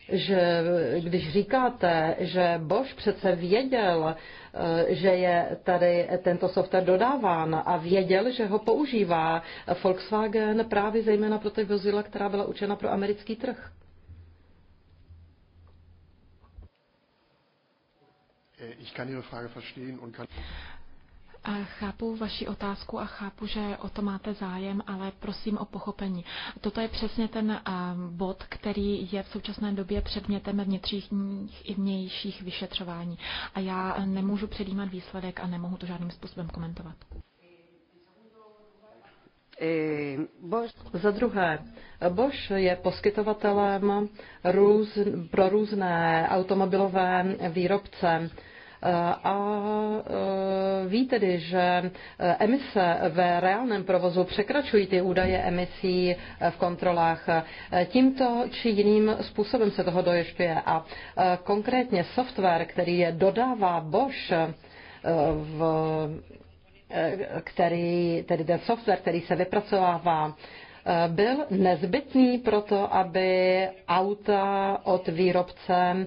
že když říkáte, že Bosch přece věděl, eh, že je tady tento software dodáván a věděl, že ho používá Volkswagen právě zejména pro ty vozidla, která byla učena pro americký trh.
Eh, ich kann Ihre Frage verstehen und kann
Chápu vaši otázku a chápu, že o to máte zájem, ale prosím o pochopení. Toto je přesně ten eh, bod, který je v současné době předmětem vnitřních i vnějších vyšetřování. A já nemůžu předjímat výsledek a nemohu to žádným způsobem komentovat.
Eh, Za druhé, Bosch je poskytovatelem růz, pro různé automobilové výrobce a e, ví tedy, že e, emise ve reálném provozu překračují ty údaje emisí e, v kontrolách. Tímto či jiným způsobem se toho dojišťuje. A konkrétně software, který je dodává Bosch v který, tedy ten software, který se vypracovává byl nezbytný pro to, aby auta od výrobce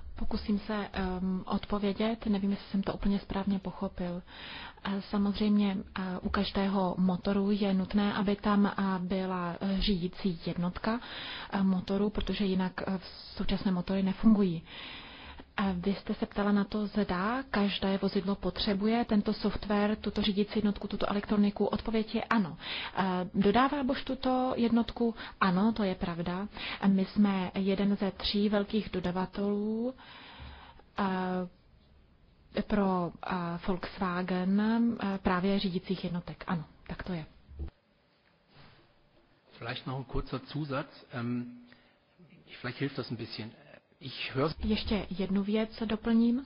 Pokusím se um, odpovědět, nevím, jestli jsem to úplně správně pochopil. Eh, samozřejmě eh, u každého motoru je nutné, aby tam eh, byla řídící jednotka motoru, protože jinak současné motory nefungují. Uh, a vy jste se ptala na to, zda každé vozidlo potřebuje tento software, tuto řídící jednotku, tuto elektroniku. Odpověď je ano. Dodává Bosch tuto jednotku? Ano, to je pravda. My jsme jeden ze tří velkých dodavatelů pro Volkswagen právě řídících jednotek. Ano, tak to je.
Vielleicht noch ein kurzer Zusatz. Ähm, vielleicht hilft das ein bisschen.
Ještě jednu věc doplním.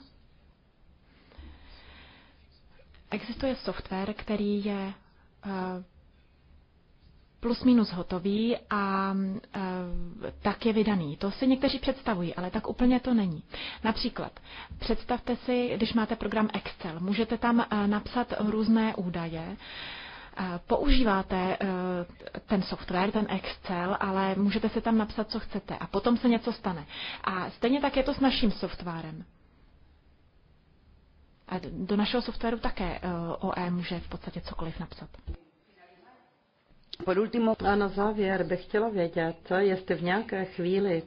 Existuje software, který je eh, plus minus hotový a eh, tak je vydaný. To si někteří představují, ale tak úplně to není. Například, představte si, když máte program Excel, můžete tam eh, napsat různé údaje, Eh, používáte eh, ten software, ten Excel, ale můžete si tam napsat, co chcete a potom se něco stane. A stejně tak je to s naším softwarem. A do našeho softwaru také eh, OE může v podstatě cokoliv napsat.
A na závěr bych chtěla vědět, jestli v nějaké chvíli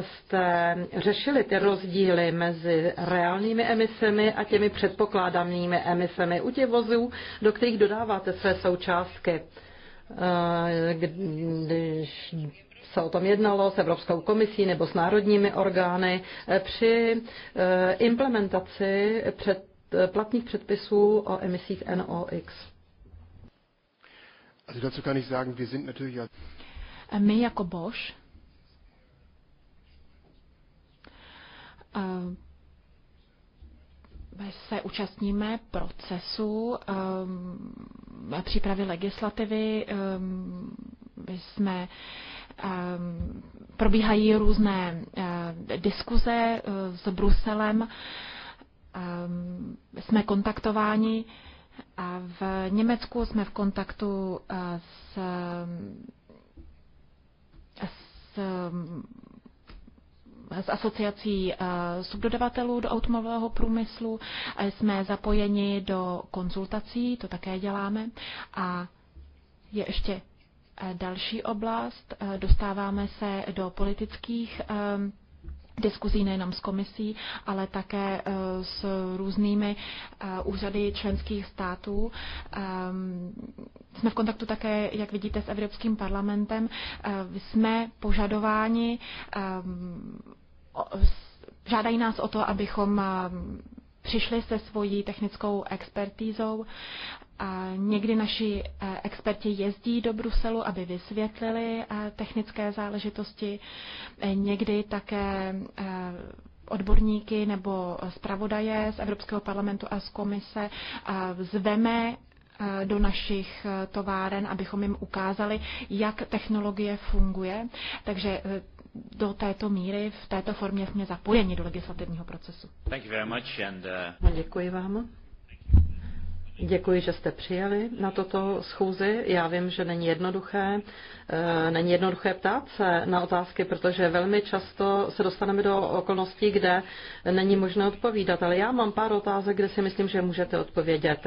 jste řešili ty rozdíly mezi reálnými emisemi a těmi předpokládanými emisemi u těch vozů, do kterých dodáváte své součástky. Eh, když se o tom jednalo s Evropskou komisí nebo s národními orgány eh, při eh, implementaci před platných předpisů o emisích NOx. My jako Bosch
se účastníme procesu um, přípravy legislativy. Um, jsme, um, probíhají různé uh, diskuze uh, s Bruselem. Um, jsme kontaktováni. A v Německu jsme v kontaktu uh, s, s s asociací eh, subdodavatelů do automobilového průmyslu, eh, jsme zapojeni do konzultací, to také děláme. A je ještě eh, další oblast, dostáváme se do politických diskuzí nejenom s komisí, ale také s různými úřady členských států. Jsme v kontaktu také, jak vidíte, s Evropským parlamentem. Jsme požadováni žádají nás o to, abychom přišli se svojí technickou expertízou. A někdy naši e, experti jezdí do Bruselu, aby vysvětlili e, technické záležitosti. E, někdy také odborníky nebo zpravodaje z Evropského parlamentu a z komise zveme Eh, do našich eh, továren, abychom jim ukázali, jak technologie funguje. Takže eh, do této míry, v této
formě jsme zapojeni do legislativního procesu. Děkuji vám. Děkuji, že jste přijeli na toto schůzi. Já vím, že není jednoduché, eh, není jednoduché ptát se na otázky, protože velmi často se dostaneme do okolností, kde není možné odpovídat. Ale já mám pár otázek, kde si myslím, že můžete odpovědět.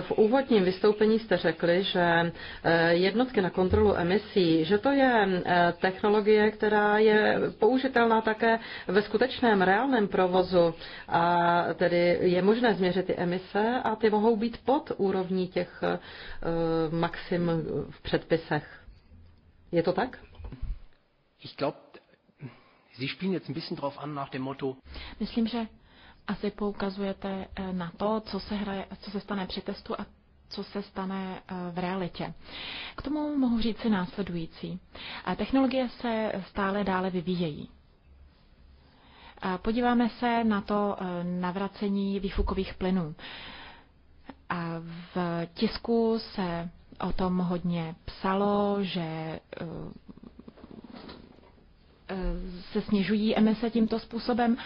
V úvodním vystoupení jste řekli, že eh, jednotky na kontrolu emisí, že to je eh, technologie, která je použitelná také ve skutečném reálném provozu a tedy je možné změřit ty emise a ty mohou být pod úrovní těch eh, maxim v předpisech. Je to tak? Ich glaub, Sie spielen jetzt ein bisschen
drauf an nach dem Motto.
Myslím, že asi poukazujete eh, na to, co se, hraje, co se stane při testu a co se stane eh, v realitě. K tomu mohu říct si následující. Technologie se stále dále vyvíjejí. Podíváme se na to navracení výfukových plynů. V tisku se o tom hodně psalo, že eh, eh, se snižují emise tímto způsobem.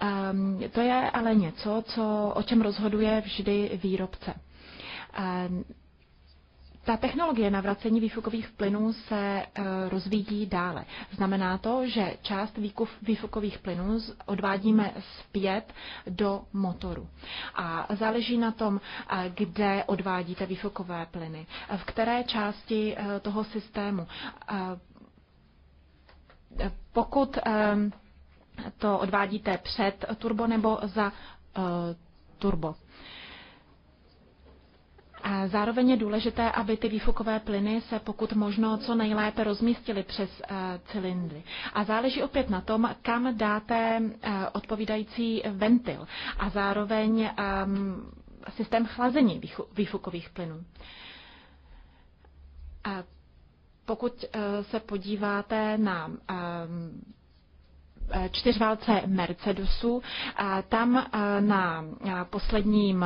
Ehm, to je ale něco, co, o čem rozhoduje vždy výrobce. Ehm, ta technologie navracení výfukových plynů se eh, rozvíjí dále. Znamená to, že část výfukových plynů odvádíme zpět do motoru. A záleží na tom, eh, kde odvádíte výfukové plyny, v které části eh, toho systému. Pokud to odvádíte před turbo nebo za turbo. Zároveň je důležité, aby ty výfukové plyny se pokud možno co nejlépe rozmístily přes eh, cylindry. A záleží opět na tom, kam dáte eh, odpovídající ventil a zároveň ehm, systém chlazení výfukových plynů. A pokud eh, se podíváte na ehm, čtyřválce Mercedesu, tam na posledním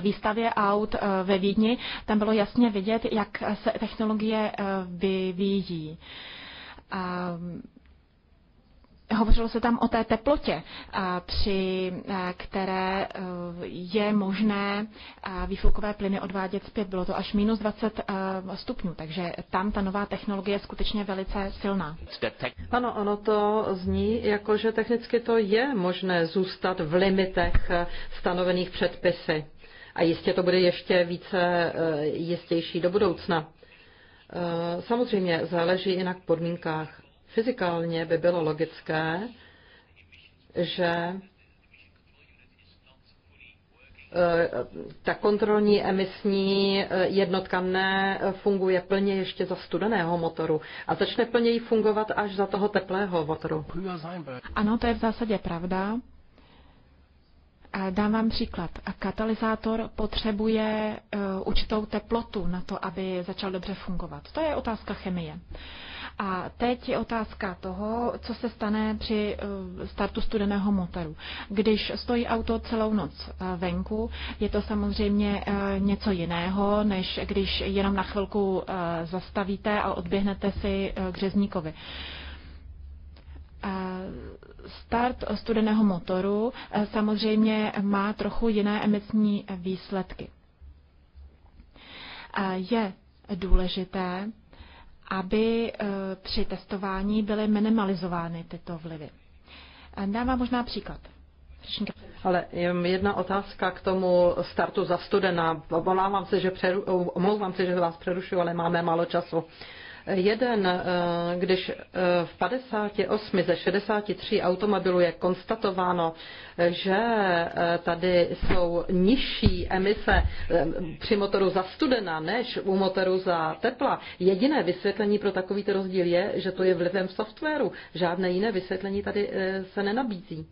výstavě aut eh, ve Vídni, tam bylo jasně vidět, jak se technologie eh, vyvíjí. Eh, hovořilo se tam o té teplotě, při které je možné výfukové plyny odvádět zpět. Bylo to až minus 20 stupňů, takže tam ta nová technologie je skutečně velice silná.
Ano, ono to zní, jako že technicky to je možné zůstat v limitech stanovených předpisy a jistě to bude ještě více eh, jistější do budoucna. Eh, samozřejmě záleží i na podmínkách. Fyzikálně by bylo logické, že eh, ta kontrolní emisní jednotka nefunguje plně ještě za studeného motoru a začne plněji fungovat až za toho teplého motoru.
Ano,
to je v zásadě pravda. Dám vám příklad. Katalyzátor potřebuje eh, určitou teplotu na to, aby začal dobře fungovat. To je otázka chemie. A teď je otázka toho, co se stane při eh, startu studeného motoru. Když stojí auto celou noc eh, venku, je to samozřejmě něco jiného, než když jenom na chvilku zastavíte a odběhnete si k řezníkovi start studeného motoru eh, samozřejmě má trochu jiné emisní výsledky. Eh, je důležité, aby eh, při testování byly minimalizovány tyto vlivy. Dám vám možná příklad.
Ale jedna otázka k tomu startu za studena. Volávám se, omlouvám se, že vás přerušuju, ale máme málo času. Jeden, eh, když eh, v 58 ze 63 automobilů je konstatováno, že eh, tady jsou nižší emise při motoru za studena než u motoru za tepla, jediné vysvětlení pro takovýto rozdíl je, že to je vlivem softwaru. Žádné jiné vysvětlení tady se nenabízí.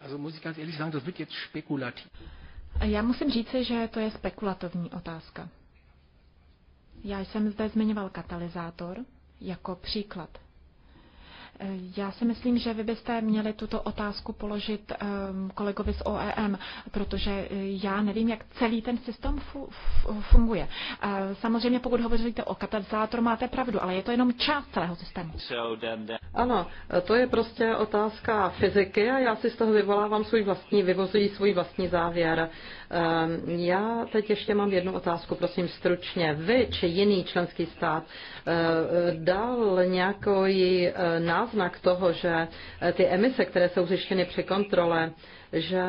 Also muss ich ganz ehrlich sagen, das wird jetzt spekulativ.
Já musím říci, že to je spekulativní otázka. Já jsem zde zmiňoval katalyzátor jako příklad. Já si myslím, že vy byste měli tuto otázku položit ehm, kolegovi z OEM, protože eh, já nevím, jak celý ten systém funguje. Eh, samozřejmě, pokud hovoříte o katalyzátoru, máte pravdu, ale je to jenom část celého systému.
Ano, to je prostě otázka fyziky a já si z toho vyvolávám svůj vlastní, vyvozuji svůj vlastní závěr. Ehm, já teď ještě mám jednu otázku, prosím stručně. Vy či jiný členský stát eh, dal nějaký název náznak toho, že eh, ty emise, které jsou zjištěny při kontrole, že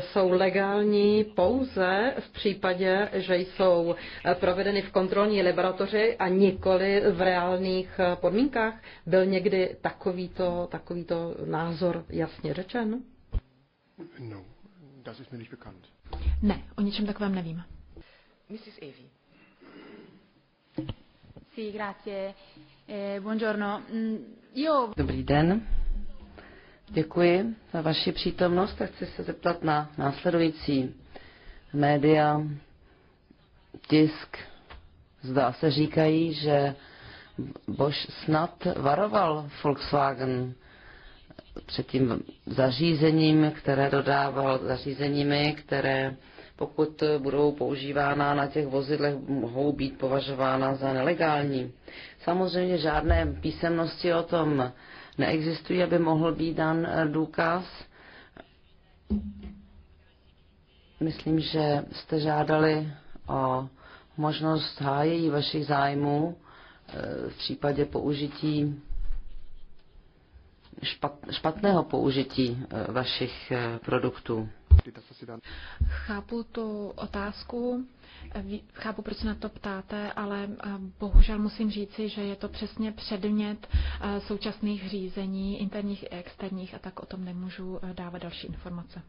jsou legální pouze v případě, že jsou eh, provedeny v kontrolní laboratoři a nikoli v reálných eh, podmínkách. Byl někdy takovýto, takovýto názor jasně řečen?
No, das ist mir nicht bekannt.
Ne, o ničem takovém nevím.
Mrs. Evie. Sì, grazie. Eh, buongiorno. Mm, Jo. Dobrý
den. Děkuji za vaši přítomnost a chci se zeptat na následující média, tisk. Zdá se říkají, že Bož snad varoval Volkswagen před tím zařízením, které dodával, zařízeními, které pokud budou používána na těch vozidlech, mohou být považována za nelegální. Samozřejmě žádné písemnosti o tom neexistují, aby mohl být dan eh, důkaz. Myslím, že jste žádali o možnost hájení vašich zájmů eh, v případě použití špat, špatného použití eh, vašich produktů.
Chápu tu otázku. Chápu, proč se na to ptáte, ale eh, bohužel musím říci, že je to přesně předmět eh, současných řízení, interních i externích, a tak o tom nemůžu eh, dávat další informace.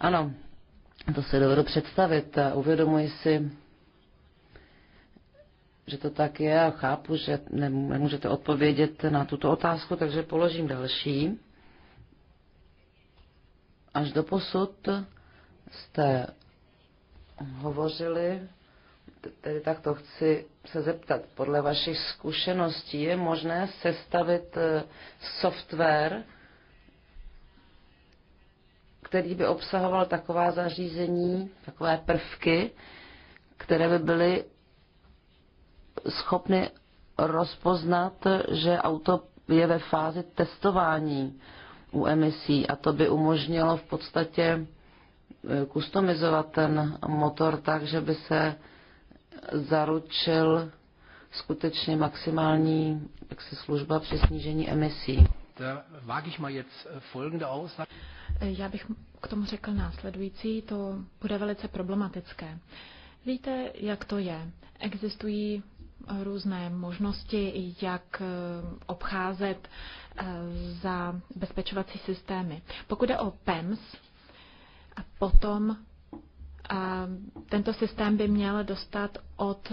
Ano,
to se dovedu představit a uvědomuji si, že to tak je a chápu, že nemůžete odpovědět na tuto otázku, takže položím další. Až do posud jste hovořili, tedy takto chci se zeptat, podle vašich zkušeností je možné sestavit eh, software, který by obsahoval taková zařízení, takové prvky, které by byly schopny rozpoznat, že auto je ve fázi testování u emisí a to by umožnilo v podstatě eh, kustomizovat ten motor tak, že by se zaručil skutečně maximální jaksi, služba při snížení emisí.
Äh,
eh, já bych k tomu řekl následující, to bude velice problematické. Víte, jak to je? Existují různé možnosti, jak eh, obcházet Eh, za bezpečovací systémy. Pokud je o PEMS, a potom a eh, tento systém by měl dostat eh, od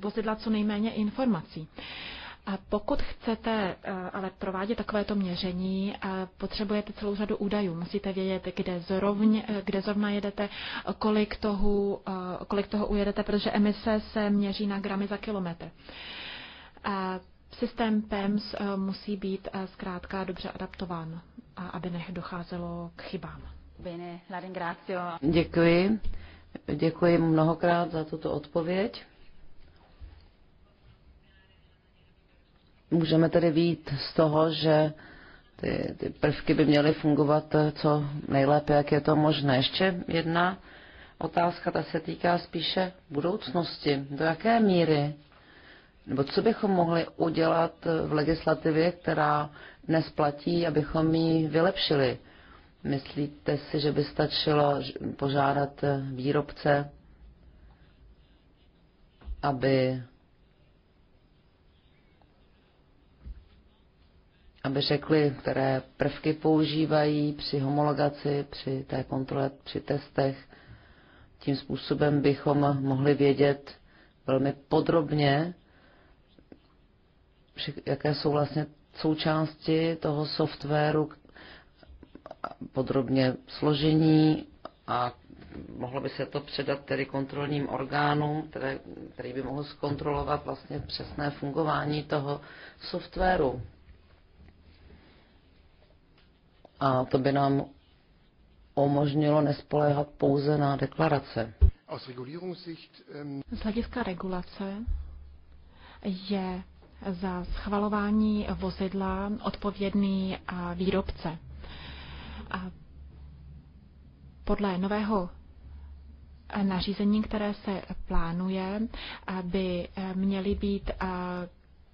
vozidla co nejméně informací. A pokud chcete ale provádět takovéto měření, potřebujete celou řadu údajů. Musíte vědět, kde, zrovně, kde zrovna jedete, kolik toho, kolik toho ujedete, protože emise se měří na gramy za kilometr. A Systém PEMS eh, musí být eh, zkrátka dobře adaptován, aby nedocházelo k chybám.
Děkuji. Děkuji mnohokrát za tuto odpověď. Můžeme tedy vít z toho, že ty, ty prvky by měly fungovat eh, co nejlépe, jak je to možné. Ještě jedna otázka, ta se týká spíše budoucnosti. Do jaké míry nebo co bychom mohli udělat v legislativě, která dnes platí, abychom ji vylepšili? Myslíte si, že by stačilo požádat výrobce, aby, aby řekli, které prvky používají při homologaci, při té kontrole, při testech? Tím způsobem bychom mohli vědět velmi podrobně, jaké jsou vlastně součásti toho softwaru, podrobně složení a mohlo by se to předat tedy kontrolním orgánům, které, který by mohl zkontrolovat vlastně přesné fungování toho softwaru. A to by nám umožnilo nespoléhat pouze na deklarace.
Ähm,
Z hlediska regulace je za schvalování vozidla odpovědný výrobce. A podle nového nařízení, které se plánuje, by měly být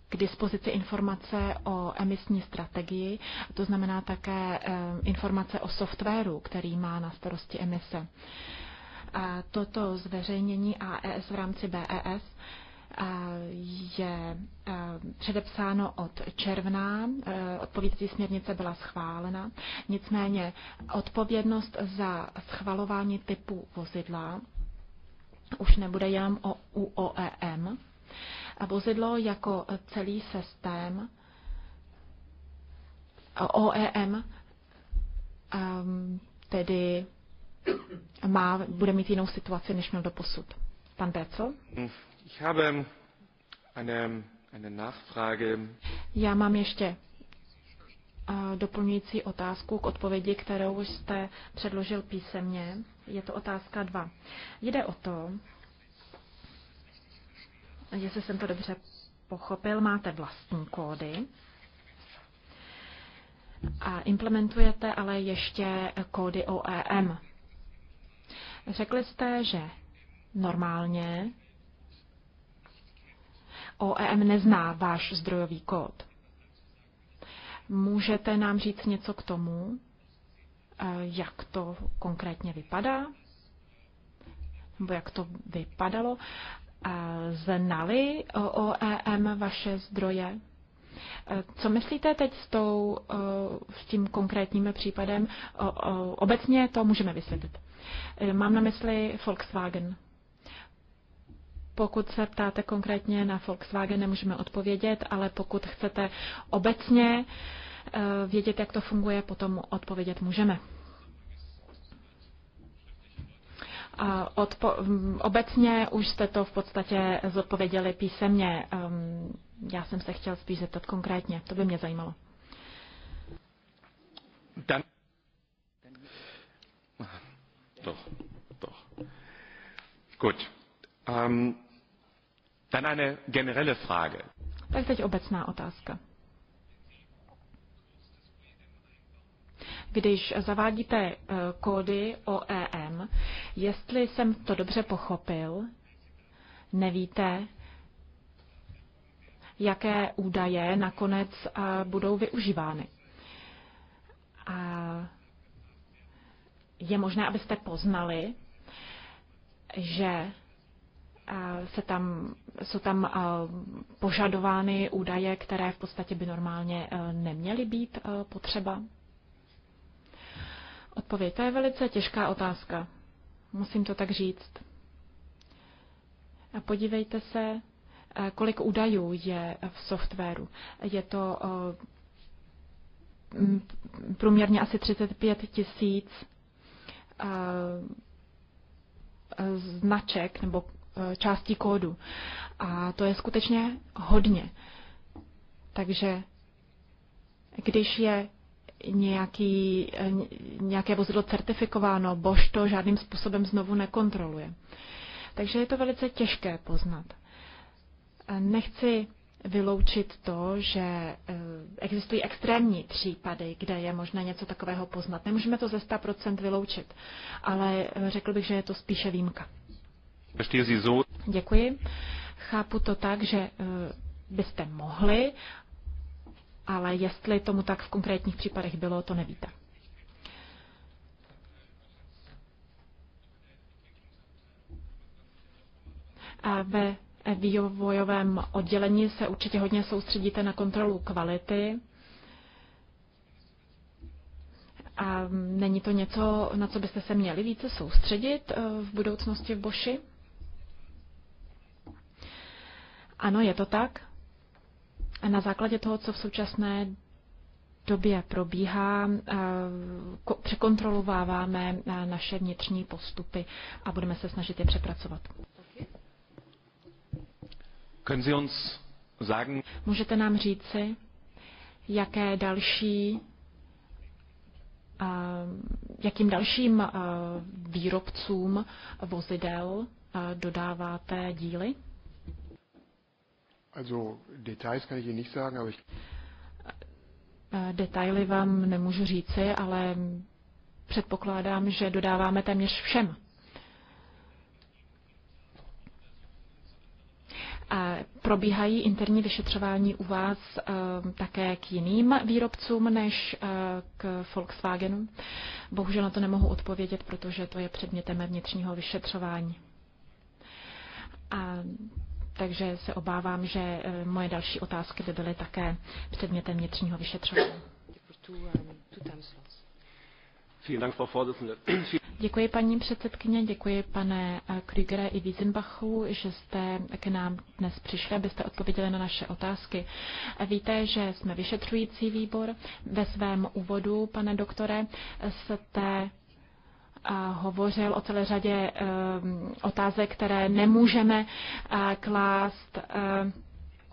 k dispozici informace o emisní strategii, to znamená také e, informace o softwaru, který má na starosti emise. Toto zveřejnění AES v rámci BES je eh, předepsáno od června, eh, odpovídající směrnice byla schválena, nicméně odpovědnost za schvalování typu vozidla už nebude jenom o UOEM. A vozidlo jako celý systém OEM ehm, tedy má, bude mít jinou situaci, než měl do posud. Pan Becl?
Ich habe eine, eine Nachfrage.
Já mám ještě eh, doplňující otázku k odpovědi, kterou jste předložil písemně. Je to otázka 2. Jde o to, jestli jsem to dobře pochopil, máte vlastní kódy a implementujete ale ještě kódy OEM. Řekli jste, že normálně OEM nezná váš zdrojový kód. Můžete nám říct něco k tomu, eh, jak to konkrétně vypadá? Nebo jak to vypadalo? Eh, znali OEM vaše zdroje? Eh, co myslíte teď s, tou, s tím konkrétním případem? Obecně to můžeme vysvětlit. Mám na mysli Volkswagen. Pokud se ptáte konkrétně na Volkswagen, nemůžeme odpovědět, ale pokud chcete obecně eh, vědět, jak to funguje, potom odpovědět můžeme. Odpo- mm, obecně už jste to v podstatě zodpověděli písemně. Ehm, já jsem se chtěl spíš zeptat konkrétně. To by mě zajímalo.
Dan- Doch, doch. Gut. Ähm, Dann eine generelle Frage.
Tak teď obecná otázka. Když zavádíte eh, kódy OEM, jestli jsem to dobře pochopil, nevíte, jaké údaje nakonec eh, budou využívány. A je možné, abyste poznali, že se tam, jsou tam požadovány údaje, které v podstatě by normálně e, neměly být e, potřeba? Odpověď, to je velice těžká otázka. Musím to tak říct. A podívejte se, e, kolik údajů je v softwaru. Je to průměrně asi 35 tisíc značek nebo Eh, částí kódu. A to je skutečně hodně. Takže když je nějaký, eh, nějaké vozidlo certifikováno, Bož to žádným způsobem znovu nekontroluje. Takže je to velice těžké poznat. Eh, nechci vyloučit to, že existují extrémní případy, kde je možné něco takového poznat. Nemůžeme to ze 100% vyloučit, ale řekl bych, že je to spíše výjimka. Děkuji. Chápu to tak, že eh, byste mohli, ale jestli tomu tak v konkrétních případech bylo, to nevíte. A ve vývojovém oddělení se určitě hodně soustředíte na kontrolu kvality. A není to něco, na co byste se měli více soustředit eh, v budoucnosti v Boši? Ano, je to tak. A na základě toho, co v současné době probíhá, eh, překontrolováváme eh, naše vnitřní postupy a budeme se snažit je přepracovat. Můžete nám říci, jaké další, eh, jakým dalším výrobcům vozidel dodáváte díly?
Also Details kann ich Ihnen nicht sagen, aber ich...
Eh, detaily vám nemůžu říci, ale předpokládám, že dodáváme téměř všem. A probíhají interní vyšetřování u vás uh, také k jiným výrobcům než uh, k Volkswagenu? Bohužel na to nemohu odpovědět, protože to je předmětem vnitřního vyšetřování. A takže se obávám, že eh, moje další otázky by byly také předmětem vnitřního vyšetřování. Děkuji paní předsedkyně, děkuji pane eh, Krügere i Wiesenbachu, že jste k nám dnes přišli, abyste odpověděli na naše otázky. Eh, víte, že jsme vyšetřující výbor. Ve svém úvodu, pane doktore, jste hovořil o celé řadě ehm, otázek, které nemůžeme eh, klást. Ehm,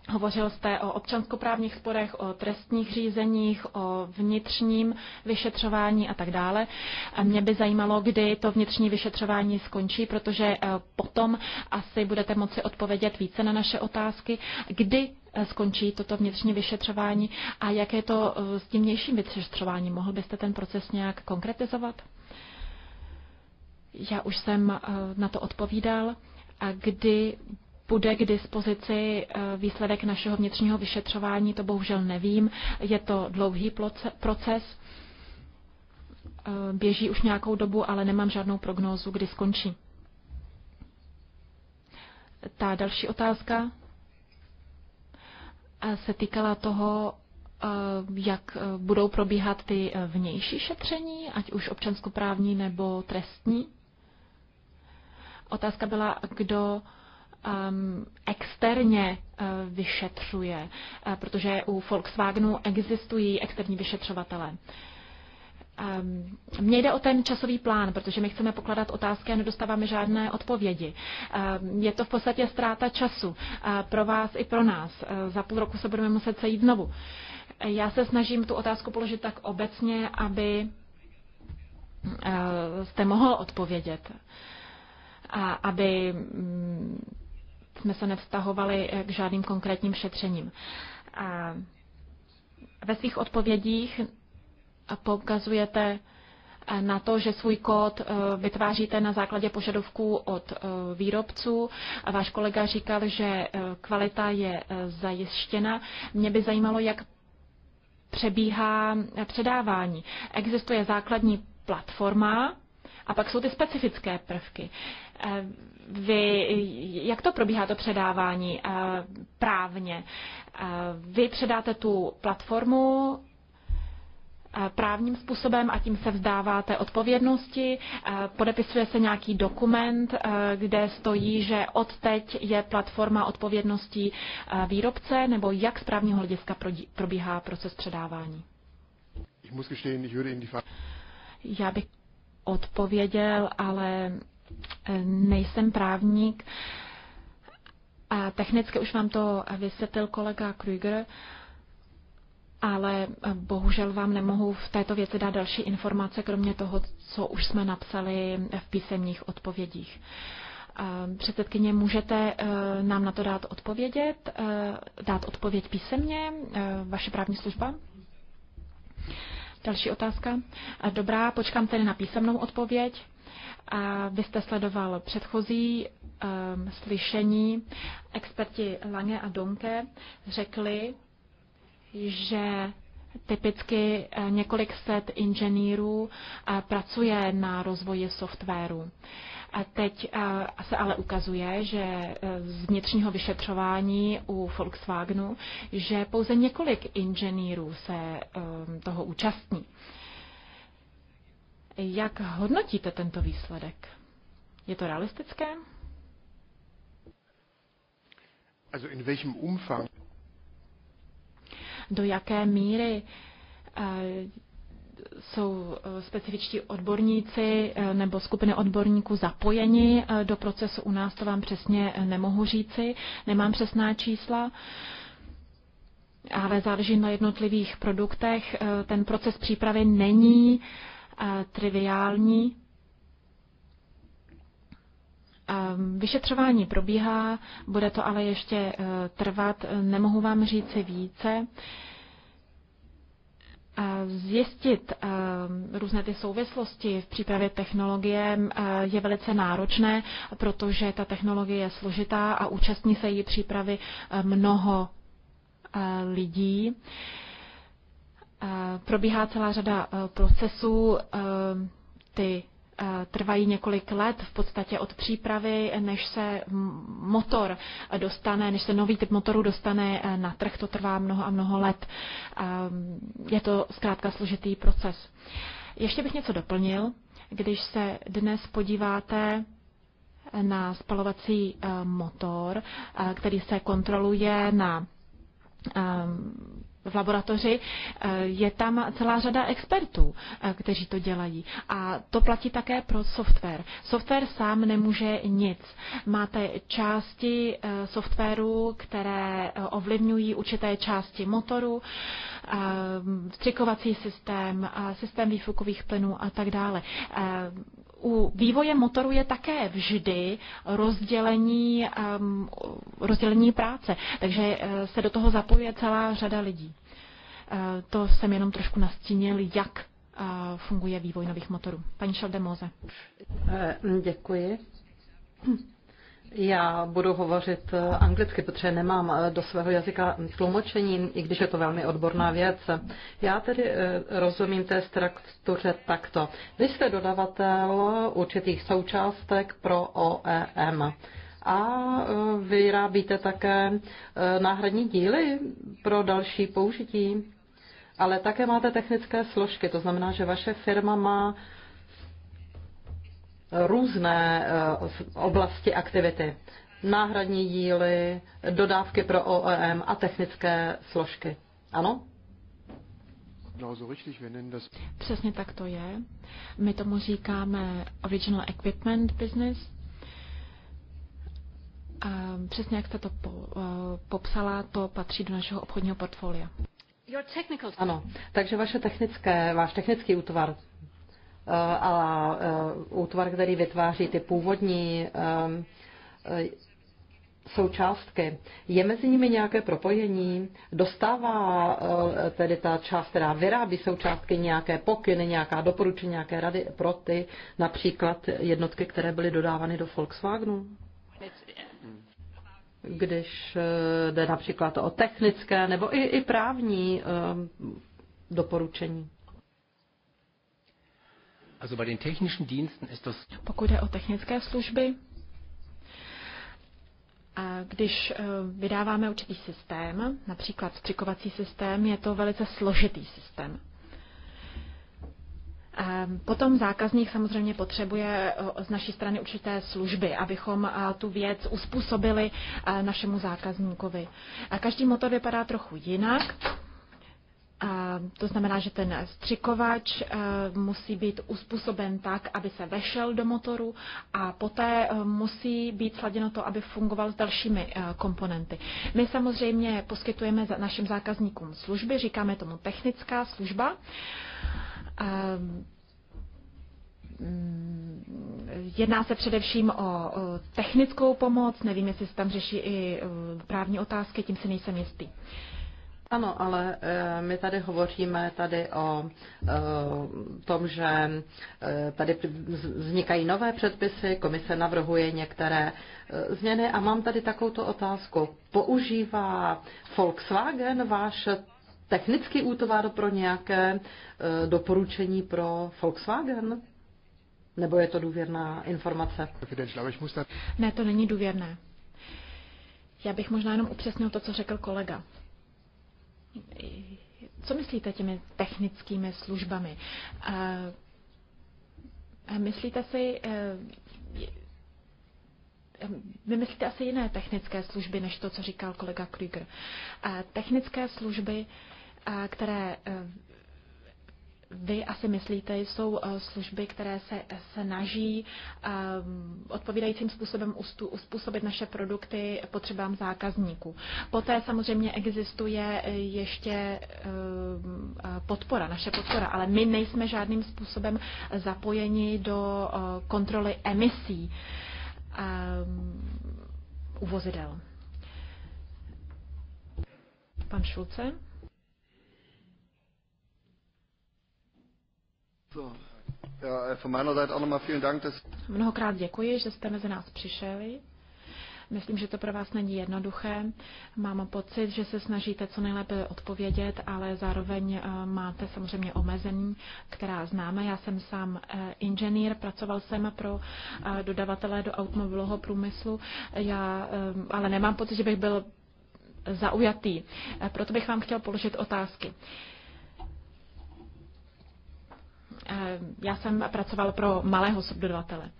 hovořil jste o občanskoprávních sporech, o trestních řízeních, o vnitřním vyšetřování a tak dále. Mě by zajímalo, kdy to vnitřní vyšetřování skončí, protože eh, potom asi budete moci odpovědět více na naše otázky. Kdy eh, skončí toto vnitřní vyšetřování a jak je to s tím vnějším vyšetřováním? Mohl byste ten proces nějak konkretizovat? já už jsem eh, na to odpovídal, a kdy bude k dispozici eh, výsledek našeho vnitřního vyšetřování, to bohužel nevím. Je to dlouhý proces, eh, běží už nějakou dobu, ale nemám žádnou prognózu, kdy skončí. Ta další otázka se týkala toho, jak budou probíhat ty vnější šetření, ať už občanskoprávní nebo trestní. Otázka byla, kdo um, externě uh, vyšetřuje, uh, protože u Volkswagenu existují externí vyšetřovatele. Um, mně jde o ten časový plán, protože my chceme pokládat otázky a nedostáváme žádné odpovědi. Um, je to v podstatě ztráta času uh, pro vás i pro nás. Uh, za půl roku se budeme muset sejít znovu. Já se snažím tu otázku položit tak obecně, aby uh, jste mohl odpovědět. Uh, a aby mm, jsme se nevztahovali eh, k žádným konkrétním šetřením. A ve svých odpovědích poukazujete eh, na to, že svůj kód eh, vytváříte na základě požadovků od výrobců. A váš kolega říkal, že kvalita je zajištěna. Mě by zajímalo, jak přebíhá předávání. Existuje základní platforma, a pak jsou ty specifické prvky. Eh, vy, jak to probíhá to předávání eh, právně? Eh, vy předáte tu platformu právním způsobem a tím se vzdáváte odpovědnosti. Podepisuje se nějaký dokument, kde stojí, že od teď je platforma odpovědností výrobce, nebo jak z právního hlediska probíhá proces předávání? Já bych odpověděl, ale eh, nejsem právník. A technicky už vám to vysvětlil kolega Krüger, ale eh, bohužel vám nemohu v této věci dát další informace, kromě toho, co už jsme napsali v písemných odpovědích. Eh, předsedkyně, můžete nám na to dát odpovědět, dát odpověď písemně, vaše právní služba? Další otázka. Dobrá, počkám tedy na písemnou odpověď. A vy jste sledoval předchozí um, slyšení. Experti Lange a Donke řekli, že typicky eh, několik set inženýrů eh, pracuje na rozvoji softwaru. A teď eh, se ale ukazuje, že eh, z vnitřního vyšetřování u Volkswagenu, že pouze několik inženýrů se eh, toho účastní. Jak hodnotíte tento výsledek? Je to realistické?
Also in welchem Umfang?
Do jaké míry jsou eh, specifičtí odborníci eh, nebo skupiny odborníků zapojeni eh, do procesu. U nás to vám přesně nemohu říci, nemám přesná čísla, ale záleží na jednotlivých produktech. Ten proces přípravy není triviální. Ehm, vyšetřování probíhá, bude to ale ještě trvat, nemohu vám říci více. Zjistit eh, různé ty souvislosti v přípravě technologie eh, je velice náročné, protože ta technologie je složitá a účastní se její přípravy eh, mnoho lidí. Probíhá celá řada procesů, ty Eh, trvají několik let v podstatě od přípravy, než se motor dostane, než se nový typ motoru dostane eh, na trh, to trvá mnoho a mnoho let. Eh, je to zkrátka složitý proces. Ještě bych něco doplnil. Když se dnes podíváte na spalovací motor, který se kontroluje na v laboratoři, eh, je tam celá řada expertů, eh, kteří to dělají. A to platí také pro software. Software sám nemůže nic. Máte části eh, softwaru, které ovlivňují určité části motoru, vstřikovací systém, systém výfukových plynů a tak dále u vývoje motoru je také vždy rozdělení, um, rozdělení práce, takže eh, se do toho zapojuje celá řada lidí. Eh, to jsem jenom trošku nastínil, jak eh, funguje vývoj nových motorů. Paní Šaldemoze.
Děkuji. Já budu hovořit eh, anglicky, protože nemám eh, do svého jazyka tlumočení, i když je to velmi odborná věc. Já tedy eh, rozumím té struktuře takto. Vy jste dodavatel určitých součástek pro OEM a vyrábíte také náhradní díly pro další použití, ale také máte technické složky, to znamená, že vaše firma má různé eh, oblasti aktivity. Náhradní díly, dodávky pro OEM a technické složky. Ano? No, přesně tak to je. My tomu říkáme
Original Equipment Business. A
přesně jak jste to po, eh, popsala, to patří do našeho obchodního portfolia. Ano, takže vaše technické, váš technický útvar, Eh, a eh, útvar, který vytváří ty původní eh, součástky. Je mezi nimi nějaké propojení? Dostává tedy ta část, která vyrábí součástky, nějaké pokyny, nějaká doporučení, nějaké rady pro ty například jednotky, které byly dodávány do Volkswagenu? Když jde například o technické nebo i, i právní doporučení.
Also bei den technischen Diensten ist das
Pokud jde o technické služby, když eh, vydáváme určitý systém, například střikovací systém, je to velice složitý systém. Potom zákazník samozřejmě potřebuje eh, z naší strany určité služby, abychom eh, tu věc uspůsobili našemu zákazníkovi. Každý motor vypadá trochu jinak to znamená, že ten střikovač e, musí být uspůsoben tak, aby se vešel do motoru a poté e, musí být sladěno to, aby fungoval s dalšími e, komponenty. My samozřejmě poskytujeme našim zákazníkům služby, říkáme tomu technická služba mm, jedná se především o technickou pomoc, nevím, jestli se tam řeší i právní otázky, tím si nejsem jistý.
Ano, ale eh, my tady hovoříme tady o eh, tom, že eh, tady vznikají nové předpisy, komise navrhuje některé změny a mám tady takovouto otázku. Používá Volkswagen váš technický útovar pro nějaké doporučení pro Volkswagen? Nebo je to důvěrná informace?
Ne, to není důvěrné. Já bych možná jenom upřesnil to, co řekl kolega. Co myslíte těmi technickými službami? Eh, eh, myslíte si, eh, myslíte asi jiné technické služby, než to, co říkal kolega Krüger. Technické služby, které vy asi myslíte, jsou eh, služby, které se snaží eh, odpovídajícím způsobem uspůsobit naše produkty potřebám zákazníků. Poté samozřejmě existuje eh, ještě podpora, naše podpora, ale my nejsme žádným způsobem zapojeni do kontroly emisí u vozidel.
Pan Šulce.
Mnohokrát děkuji, že jste mezi nás přišeli. Myslím, že to pro vás není jednoduché. Mám pocit, že se snažíte co nejlépe odpovědět, ale zároveň eh, máte samozřejmě omezení, která známe. Já jsem sám eh, inženýr, pracoval jsem pro eh, dodavatele do automobilového průmyslu, Já, ale nemám pocit, že bych byl zaujatý. Proto bych vám chtěl položit otázky. Eh, já jsem pracoval pro malého subdodavatele,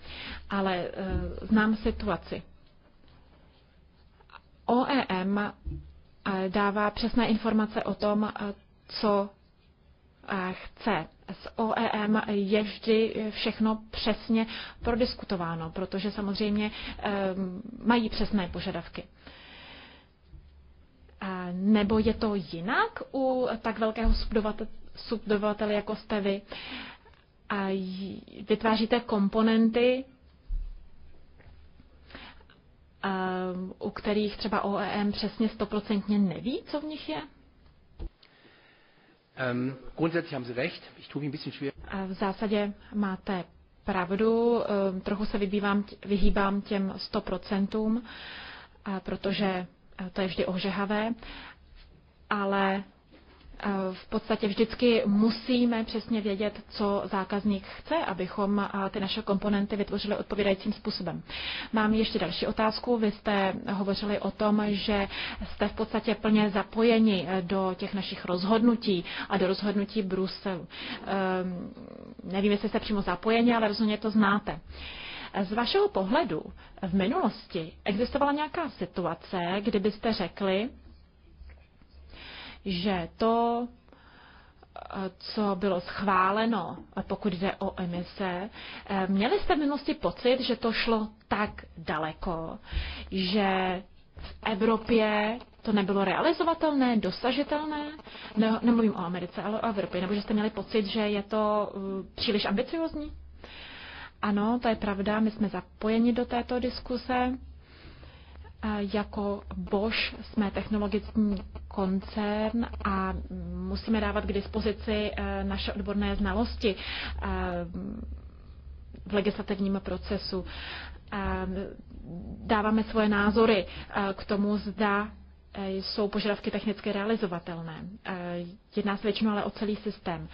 ale eh, znám situaci. OEM eh, dává přesné informace o tom, co chce. S OEM je vždy všechno přesně prodiskutováno, protože samozřejmě mají přesné požadavky. Nebo je to jinak u tak velkého subdovatele, jako jste vy? vytváříte komponenty, u kterých třeba OEM přesně stoprocentně neví, co v nich je?
Ähm,
v zásadě máte pravdu. Ehm, trochu se vybývám, vyhýbám těm 100%, protože to je vždy ohřehavé, Ale Eh, v podstatě vždycky musíme přesně vědět, co zákazník chce, abychom eh, ty naše komponenty vytvořili odpovídajícím způsobem. Mám ještě další otázku. Vy jste hovořili o tom, že jste v podstatě plně zapojeni eh, do těch našich rozhodnutí a do rozhodnutí Bruselu. Ehm, nevím, jestli jste přímo zapojeni, ale rozhodně to znáte. Z vašeho pohledu v minulosti existovala nějaká situace, kdybyste řekli, že to, co bylo schváleno, pokud jde o emise, měli jste v minulosti pocit, že to šlo tak daleko, že v Evropě to nebylo realizovatelné, dosažitelné? Ne, nemluvím o Americe, ale o Evropě. Nebo že jste měli pocit, že je to eh, příliš ambiciozní? Ano, to je pravda, my jsme zapojeni do této diskuse jako Bosch jsme technologický koncern a musíme dávat k dispozici eh, naše odborné znalosti eh, v legislativním procesu. Eh, dáváme svoje názory k tomu, zda jsou požadavky technicky realizovatelné. Jedná se většinou ale o celý systém.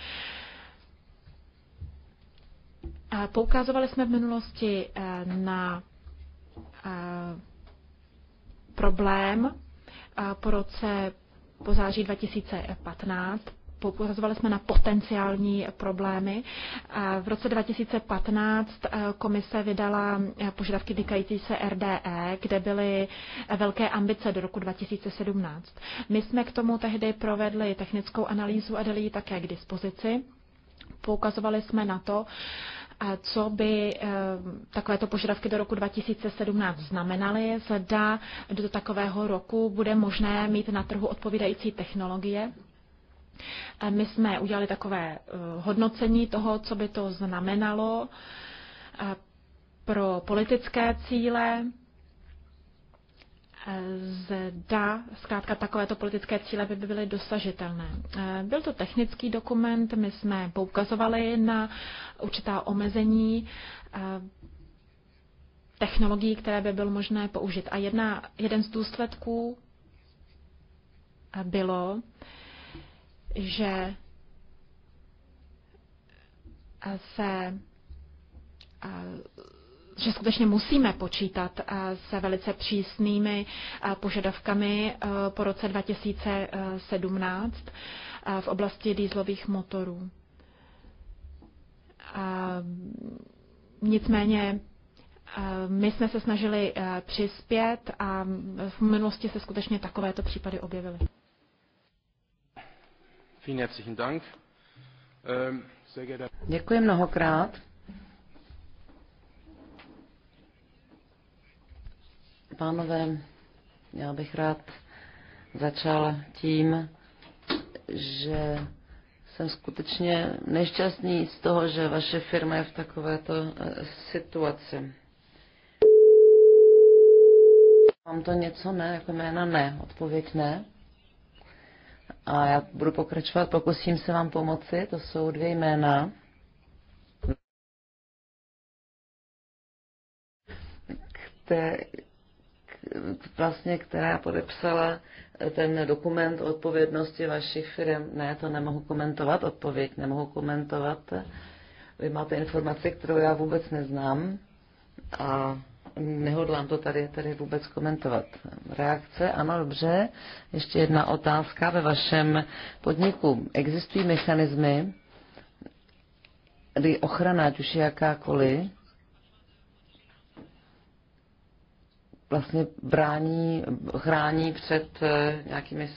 Poukazovali jsme v minulosti na problém po roce po září 2015. Poukazovali jsme na potenciální problémy. V roce 2015 komise vydala požadavky týkající se RDE, kde byly velké ambice do roku 2017. My jsme k tomu tehdy provedli technickou analýzu a dali ji také k dispozici. Poukazovali jsme na to, co by eh, takovéto požadavky do roku 2017 znamenaly, zda do takového roku bude možné mít na trhu odpovídající technologie. My jsme udělali takové eh, hodnocení toho, co by to znamenalo eh, pro politické cíle, zda zkrátka takovéto politické cíle by byly dosažitelné. Eh, byl to technický dokument, my jsme poukazovali na určitá omezení eh, technologií, které by bylo možné použít. A jedna, jeden z důsledků eh, bylo, že se že skutečně musíme počítat eh, se velice přísnými eh, požadavkami eh, po roce 2017 v oblasti dýzlových motorů. Nicméně my jsme se snažili přispět a v minulosti se skutečně takovéto případy objevily.
Ähm, Děkuji
mnohokrát. pánové, já bych rád začal tím, že jsem skutečně nešťastný z toho, že vaše firma je v takovéto eh, situaci. Mám to něco ne, jako jména ne, odpověď ne. A já budu pokračovat, pokusím se vám pomoci, to jsou dvě jména. Te, vlastně, která podepsala ten dokument o odpovědnosti vašich firm. Ne, to nemohu komentovat, odpověď nemohu komentovat. Vy máte informaci, kterou já vůbec neznám a nehodlám to tady, tady vůbec komentovat. Reakce, ano, dobře. Ještě jedna otázka ve vašem podniku. Existují mechanismy, kdy ochrana, ať už je jakákoliv, vlastně brání, chrání před eh, nějakými,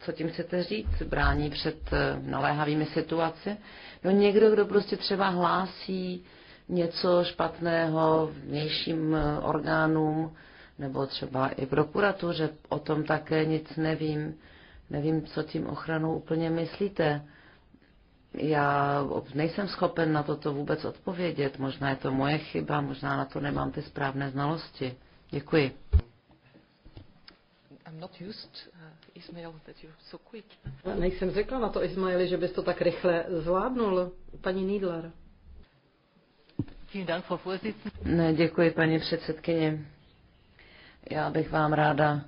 co tím chcete říct, brání před eh, naléhavými situaci. No někdo, kdo prostě třeba hlásí něco špatného vnějším eh, orgánům, nebo třeba i prokuratuře, o tom také nic nevím. Nevím, co tím ochranou úplně myslíte. Já nejsem schopen na toto vůbec odpovědět. Možná je to moje chyba, možná na to nemám ty správné znalosti. Děkuji.
I'm not used, uh, Ismail, that you're so quick. Nejsem řekla na to, Ismaili, že bys to tak rychle zvládnul, paní Nídler.
Ne, děkuji, paní předsedkyně. Já bych vám ráda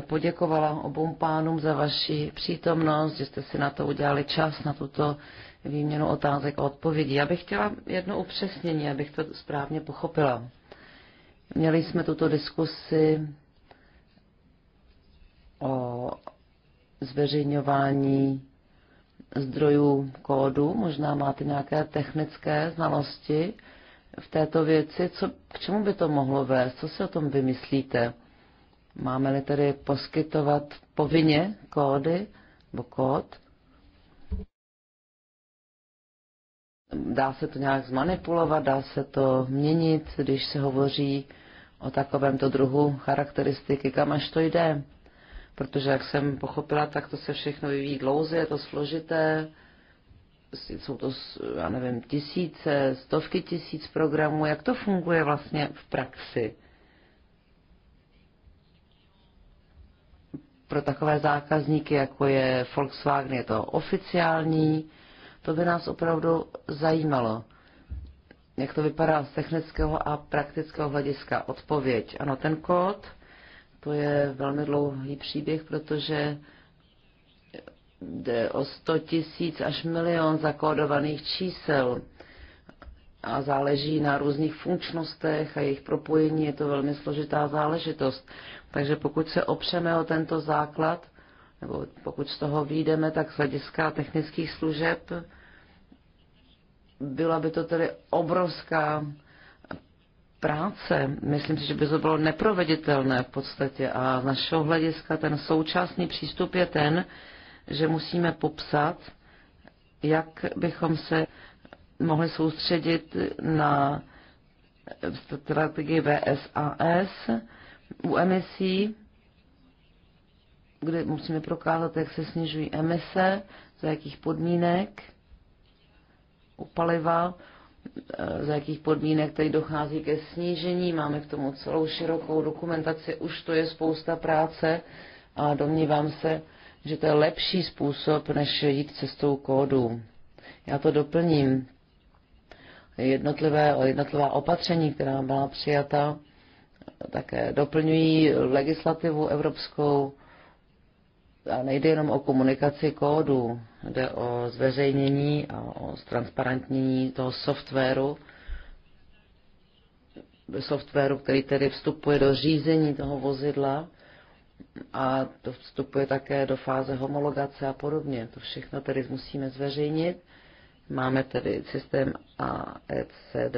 poděkovala obou pánům za vaši přítomnost, že jste si na to udělali čas, na tuto výměnu otázek a odpovědí. Já bych chtěla jedno upřesnění, abych to správně pochopila. Měli jsme tuto diskusi o zveřejňování zdrojů kódu, možná máte nějaké technické znalosti v této věci, co, k čemu by to mohlo vést, co si o tom vymyslíte? Máme-li tedy poskytovat povinně kódy nebo kód? Dá se to nějak zmanipulovat, dá se to měnit, když se hovoří o takovémto druhu charakteristiky, kam až to jde. Protože, jak jsem pochopila, tak to se všechno vyvíjí dlouze, je to složité, jsou to, já nevím, tisíce, stovky tisíc programů, jak to funguje vlastně v praxi. pro takové zákazníky, jako je Volkswagen, je to oficiální. To by nás opravdu zajímalo. Jak to vypadá z technického a praktického hlediska? Odpověď. Ano, ten kód, to je velmi dlouhý příběh, protože jde o 100 tisíc až milion zakódovaných čísel a záleží na různých funkčnostech a jejich propojení, je to velmi složitá záležitost. Takže pokud se opřeme o tento základ, nebo pokud z toho výjdeme, tak z hlediska technických služeb byla by to tedy obrovská práce. Myslím si, že by to bylo neproveditelné v podstatě. A z našeho hlediska ten současný přístup je ten, že musíme popsat, jak bychom se mohli soustředit na strategii VSAS, u emisí, kde musíme prokázat, jak se snižují emise, za jakých podmínek u paliva, eh, za jakých podmínek tady dochází ke snížení. Máme k tomu celou širokou dokumentaci, už to je spousta práce a domnívám se, že to je lepší způsob, než jít cestou kódu. Já to doplním. Jednotlivé, jednotlivá opatření, která byla přijata, také doplňují legislativu evropskou a nejde jenom o komunikaci kódu, jde o zveřejnění a o transparentnění toho softwaru, softwaru, který tedy vstupuje do řízení toho vozidla a to vstupuje také do fáze homologace a podobně. To všechno tedy musíme zveřejnit. Máme tedy systém AECD,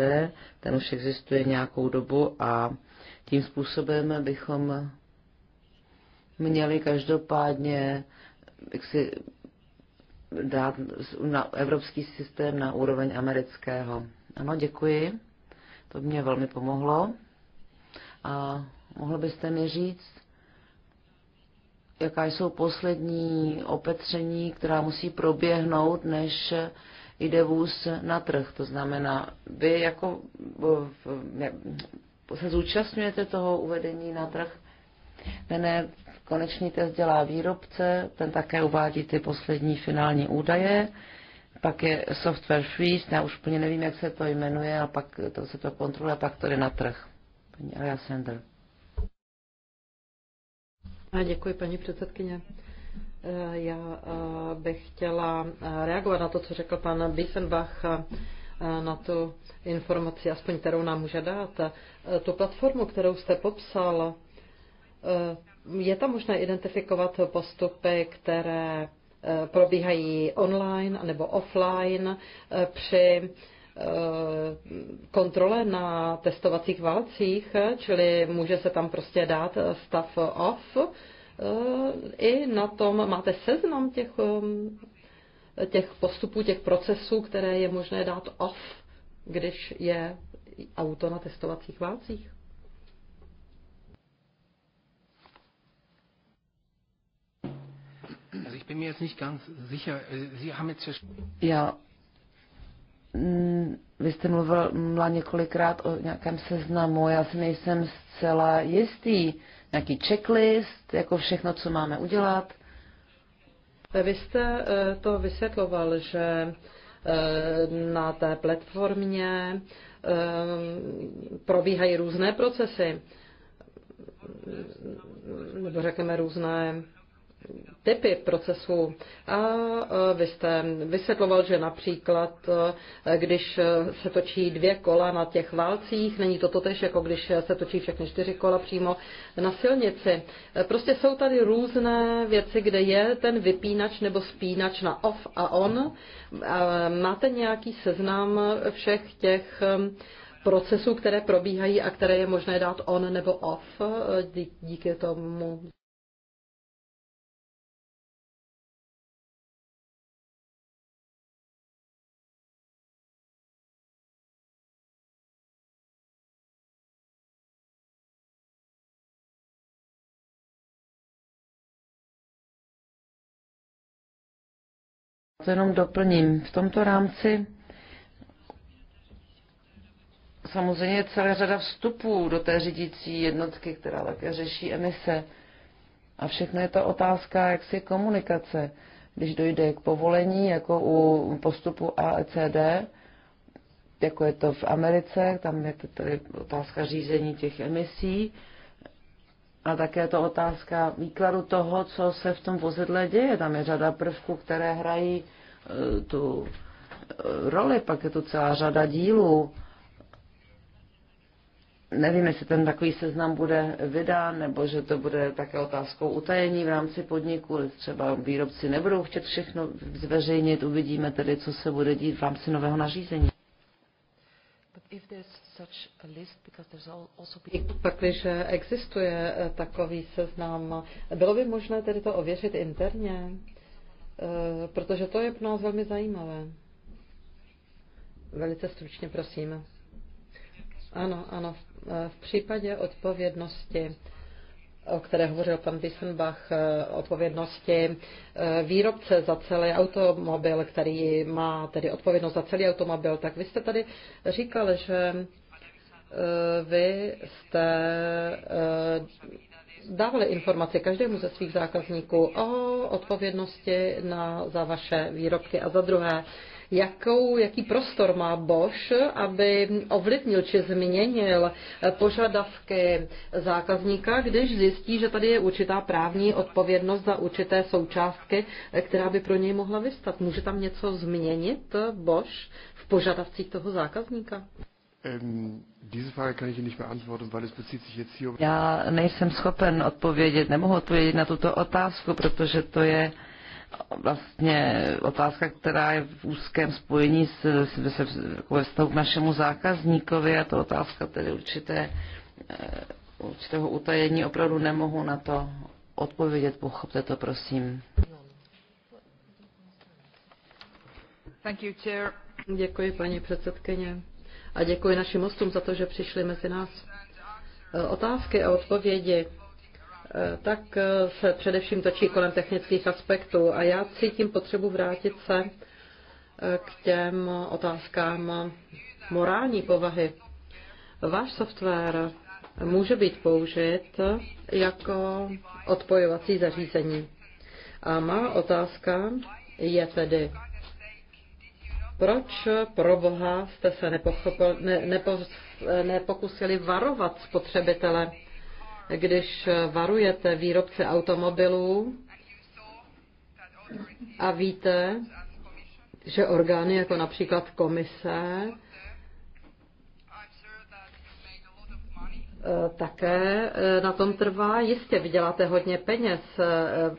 ten už existuje nějakou dobu a tím způsobem bychom měli každopádně jak si dát na evropský systém na úroveň amerického. Ano, děkuji. To mě velmi pomohlo. A mohl byste mi říct, jaká jsou poslední opatření, která musí proběhnout, než jde vůz na trh. To znamená, vy jako se zúčastňujete toho uvedení na trh? Ne, ne, konečný test dělá výrobce, ten také uvádí ty poslední finální údaje, pak je software freeze, já už úplně nevím, jak se to jmenuje, a pak to se to kontroluje, a pak to jde na trh. Paní Aja Sender.
A děkuji, paní předsedkyně. Eh, já eh, bych chtěla eh, reagovat na to, co řekl pan Biesenbach Eh, na tu informaci, aspoň kterou nám může dát. Eh, tu platformu, kterou jste popsal, eh, je tam možné identifikovat postupy, které probíhají online nebo offline při kontrole na testovacích válcích, čili může se tam prostě dát stav off. I na tom máte seznam těch těch postupů, těch procesů, které je možné dát off, když je auto na testovacích válcích?
Já mm, vy jste mluvila několikrát o nějakém seznamu, já si nejsem zcela jistý. Nějaký checklist, jako všechno, co máme udělat. Eh, vy jste
eh, to vysvětloval, že eh, na té platformě probíhají různé procesy, nebo řekněme různé typy procesů. A e, vy jste vysvětloval, že například, e, když se točí dvě kola na těch válcích, není to totež, jako když se točí všechny čtyři kola přímo na silnici. E, prostě jsou tady různé věci, kde je ten vypínač nebo spínač na off a on. Máte nějaký seznam všech těch procesů, které probíhají a které je možné dát on nebo off díky tomu
To jenom doplním. V tomto rámci samozřejmě je celá řada vstupů do té řídící jednotky, která také řeší emise. A všechno je to otázka jaksi komunikace. Když dojde k povolení, jako u postupu AECD, jako je to v Americe, tam je to tedy otázka řízení těch emisí, a také to otázka výkladu toho, co se v tom vozidle děje. Tam je řada prvků, které hrají e, tu e, roli, pak je tu celá řada dílů. Nevím, jestli ten takový seznam bude vydán, nebo že to bude také otázkou utajení v rámci podniku. Třeba výrobci nebudou chtět všechno zveřejnit, uvidíme tedy, co se bude dít v rámci nového nařízení. Pakliže existuje
eh, takový seznam, bylo by možné tedy to ověřit interně, eh, protože to je pro nás velmi zajímavé. Velice stručně, prosím. Ano, ano, v eh, případě odpovědnosti o které hovořil pan Wissenbach, eh, odpovědnosti eh, výrobce za celý automobil, který má tedy odpovědnost za celý automobil, tak vy jste tady říkal, že eh, vy jste dávali informace každému ze svých zákazníků o odpovědnosti na, za vaše výrobky a za druhé jakou, jaký prostor má Bosch, aby ovlivnil či změnil eh, požadavky zákazníka, když zjistí, že tady je určitá právní odpovědnost za určité součástky, eh, která by pro něj mohla vystat. Může tam něco změnit eh, Bosch v požadavcích toho zákazníka?
Um Já
nejsem schopen odpovědět, nemohu odpovědět na tuto otázku, protože to je vlastně otázka, která je v úzkém spojení s, s, s, ve vztahu k našemu zákazníkovi a to otázka tedy určité, eh, určitého utajení. Opravdu nemohu na to odpovědět, pochopte to prosím.
Thank you, chair. Děkuji, paní předsedkyně. A děkuji našim hostům za to, že přišli mezi nás. Eh, otázky a odpovědi Eh, tak eh, se především točí kolem technických aspektů. A já cítím potřebu vrátit se eh, k těm otázkám morální povahy. Váš software může být použit jako odpojovací zařízení. A má otázka je tedy, proč pro Boha jste se nepochopil, ne, nepo, nepokusili varovat spotřebitele když varujete výrobce automobilů a víte, že orgány jako například komise eh, také eh, na tom trvá. Jistě vyděláte hodně peněz eh,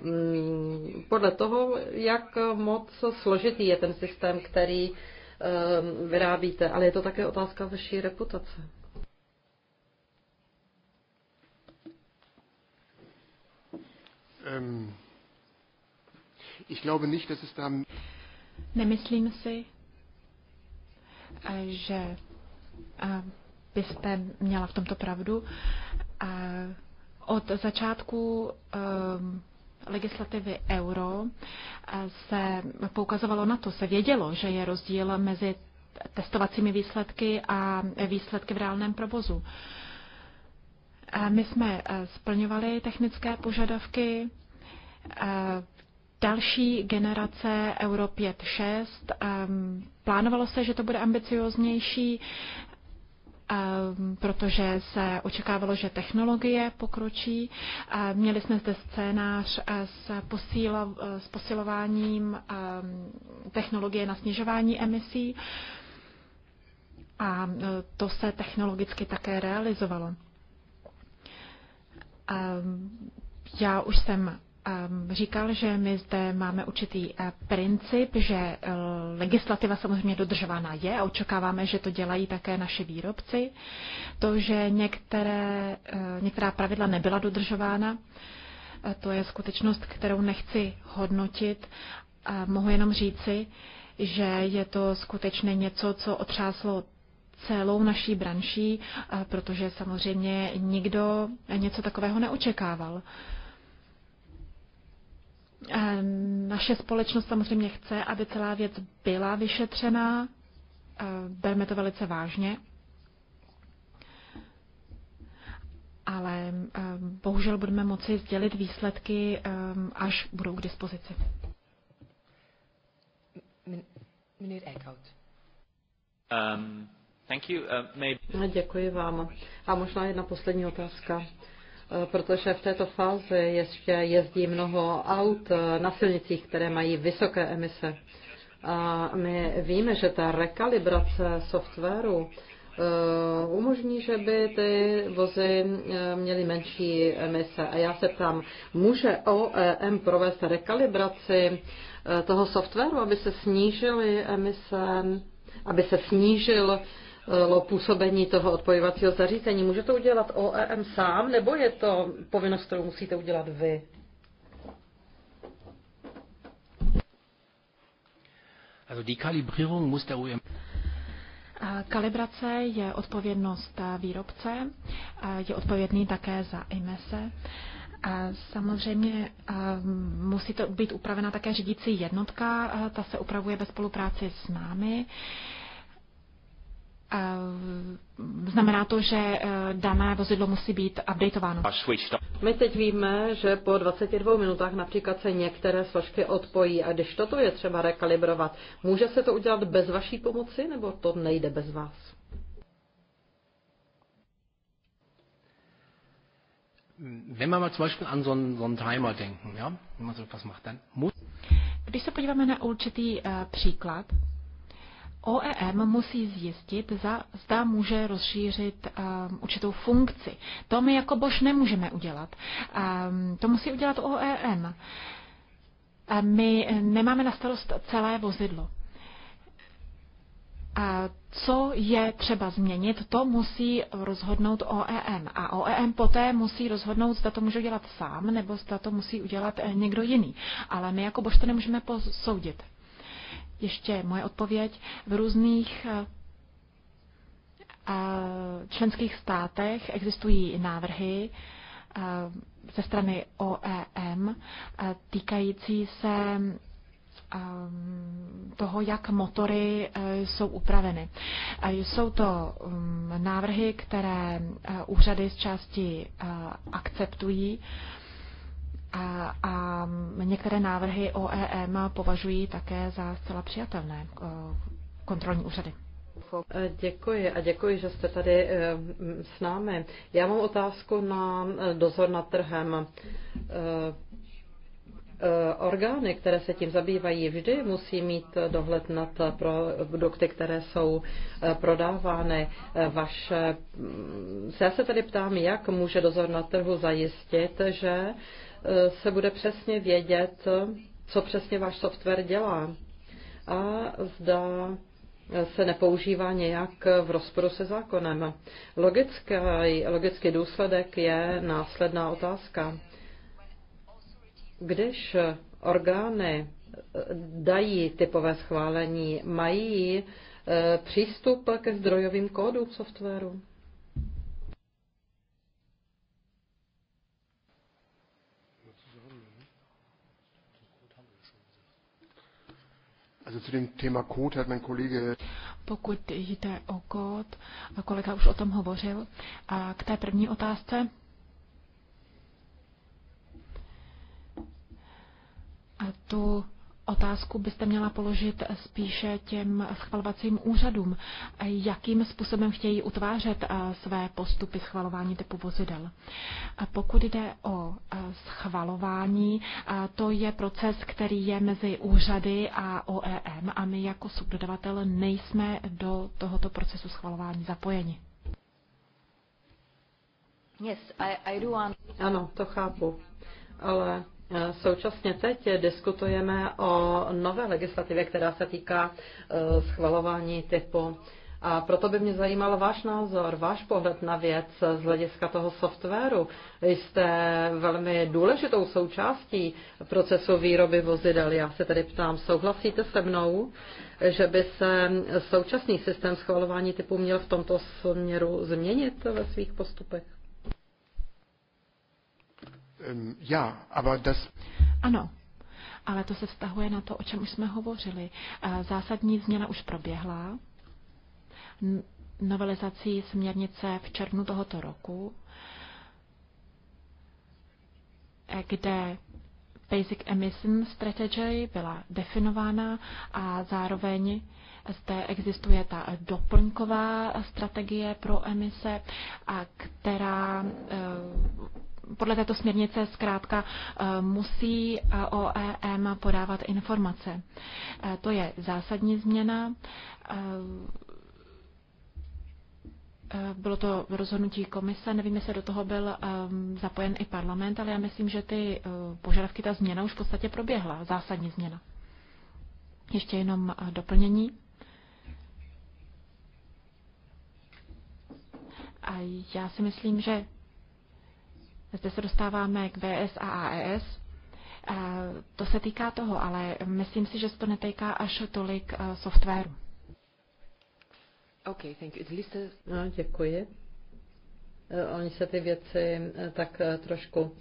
mm, podle toho, jak moc složitý je ten systém, který vyrábíte. Ale je to také otázka vaší reputace.
Ehm, ich glaube nicht, dass es
Nemyslím si, eh, že eh, byste měla v tomto pravdu. Eh, od začátku ehm, legislativy euro se poukazovalo na to, se vědělo, že je rozdíl mezi testovacími výsledky a výsledky v reálném provozu. My jsme eh, splňovali technické požadavky. Eh, další generace Euro 5 6. Eh, plánovalo se, že to bude ambicioznější, protože se očekávalo, že technologie pokročí. Měli jsme zde scénář s, s posilováním technologie na snižování emisí a to se technologicky také realizovalo. Ehm, já už jsem ehm, říkal, že my zde máme určitý eh, princip, že eh, legislativa samozřejmě dodržována je a očekáváme, že to dělají také naši výrobci. To, že některé, eh, některá pravidla nebyla dodržována, to je skutečnost, kterou nechci hodnotit. Mohu jenom říci, že je to skutečně něco, co otřáslo celou naší branší, eh, protože samozřejmě nikdo něco takového neočekával. Ehm, naše společnost samozřejmě chce, aby celá věc byla vyšetřená, eh, bereme to velice vážně, ale ehm, bohužel budeme moci sdělit výsledky, ehm, až budou k dispozici. Meneer Eickhout. Um, Thank
you. Uh, maybe...
No,
děkuji vám. A možná jedna poslední otázka uh, protože v této fázi ještě jezdí mnoho aut uh, na silnicích, které mají vysoké emise. A my víme, že ta rekalibrace softwaru uh, umožní, že by ty vozy měly menší emise. A já se ptám, může OEM provést rekalibraci toho softwaru, aby se snížily emise, aby se snížil Eh, působení toho odpojovacího zařízení. Může to udělat OEM sám, nebo je to povinnost, kterou musíte udělat vy?
Also die Kalibrierung muss der OEM
Kalibrace
je odpovědnost výrobce, je odpovědný také za emise. A samozřejmě eh, musí to být upravena také řídící jednotka, eh, ta se upravuje ve spolupráci s námi. Znamená
to, že e, dané vozidlo musí být updatováno. My teď víme, že po 22 minutách například se některé složky odpojí a když toto je třeba rekalibrovat, může se to udělat bez vaší pomoci nebo to nejde bez vás?
Když se podíváme na určitý uh, příklad, OEM musí zjistit, zda může rozšířit um, určitou funkci. To my jako Bož nemůžeme udělat. Um, to musí udělat OEM. A my nemáme na starost celé vozidlo. A co je třeba změnit, to musí rozhodnout OEM. A OEM poté musí rozhodnout, zda to může udělat sám, nebo zda to musí udělat eh, někdo jiný. Ale my jako Bož to nemůžeme posoudit. Ještě moje odpověď. V různých eh, eh, členských státech existují návrhy eh, ze strany OEM týkající se toho, jak motory jsou upraveny. Jsou to mm, návrhy, které úřady z části akceptují a některé návrhy OEM považují také za zcela přijatelné eh, kontrolní úřady.
E, děkuji a děkuji, že jste tady eh, s námi. Já mám otázku na eh, dozor nad trhem. Orgány, které se tím zabývají, vždy musí mít dohled nad produkty, které jsou prodávány. Vaše... Mm, já se tady ptám, jak může dozor na trhu zajistit, že Eh, se bude přesně vědět, co přesně váš software dělá a zda eh, se nepoužívá nějak v rozporu se zákonem. Logický, logický důsledek je následná otázka. Když orgány eh, dají typové schválení, mají přístup ke zdrojovým kódům softwaru?
Pokud jde o kód, kolega už o tom hovořil, a k té první otázce. A tu otázku byste měla položit spíše těm schvalovacím úřadům, jakým způsobem chtějí utvářet eh, své postupy schvalování typu vozidel. Pokud jde o eh, schvalování, eh, to je proces, který je mezi úřady a OEM a my jako subdodavatel nejsme do tohoto procesu schvalování zapojeni.
Yes, I, I do want... Ano, to chápu, ale Eh, současně teď diskutujeme o nové legislativě, která se týká eh, schvalování typu. A proto by mě zajímal váš názor, váš pohled na věc eh, z hlediska toho softwaru. Jste velmi důležitou součástí procesu výroby vozidel. Já se tedy ptám, souhlasíte se mnou, že by se současný systém schvalování typu měl v tomto směru změnit ve svých postupech?
Ja, aber das...
Ano, ale to se vztahuje na to, o čem už jsme
hovořili. Eh, zásadní změna už proběhla. Novelizací směrnice v červnu tohoto roku, eh, kde Basic Emission Strategy byla definována a zároveň zde existuje ta doplňková strategie pro emise, a která eh, podle této směrnice zkrátka eh, musí eh, OEM podávat informace. Eh, to je zásadní změna. Bylo to rozhodnutí komise, nevím, jestli do toho byl zapojen i parlament, ale já myslím, že ty požadavky, ta změna už v podstatě proběhla, zásadní změna. Ještě jenom doplnění. A já si myslím, že zde se dostáváme k BS a AES. To se týká toho, ale myslím si, že se to netýká až tolik eh, softwaru.
Okay, thank you. Lisa... No, děkuji. Eh, oni se ty věci eh, tak trošku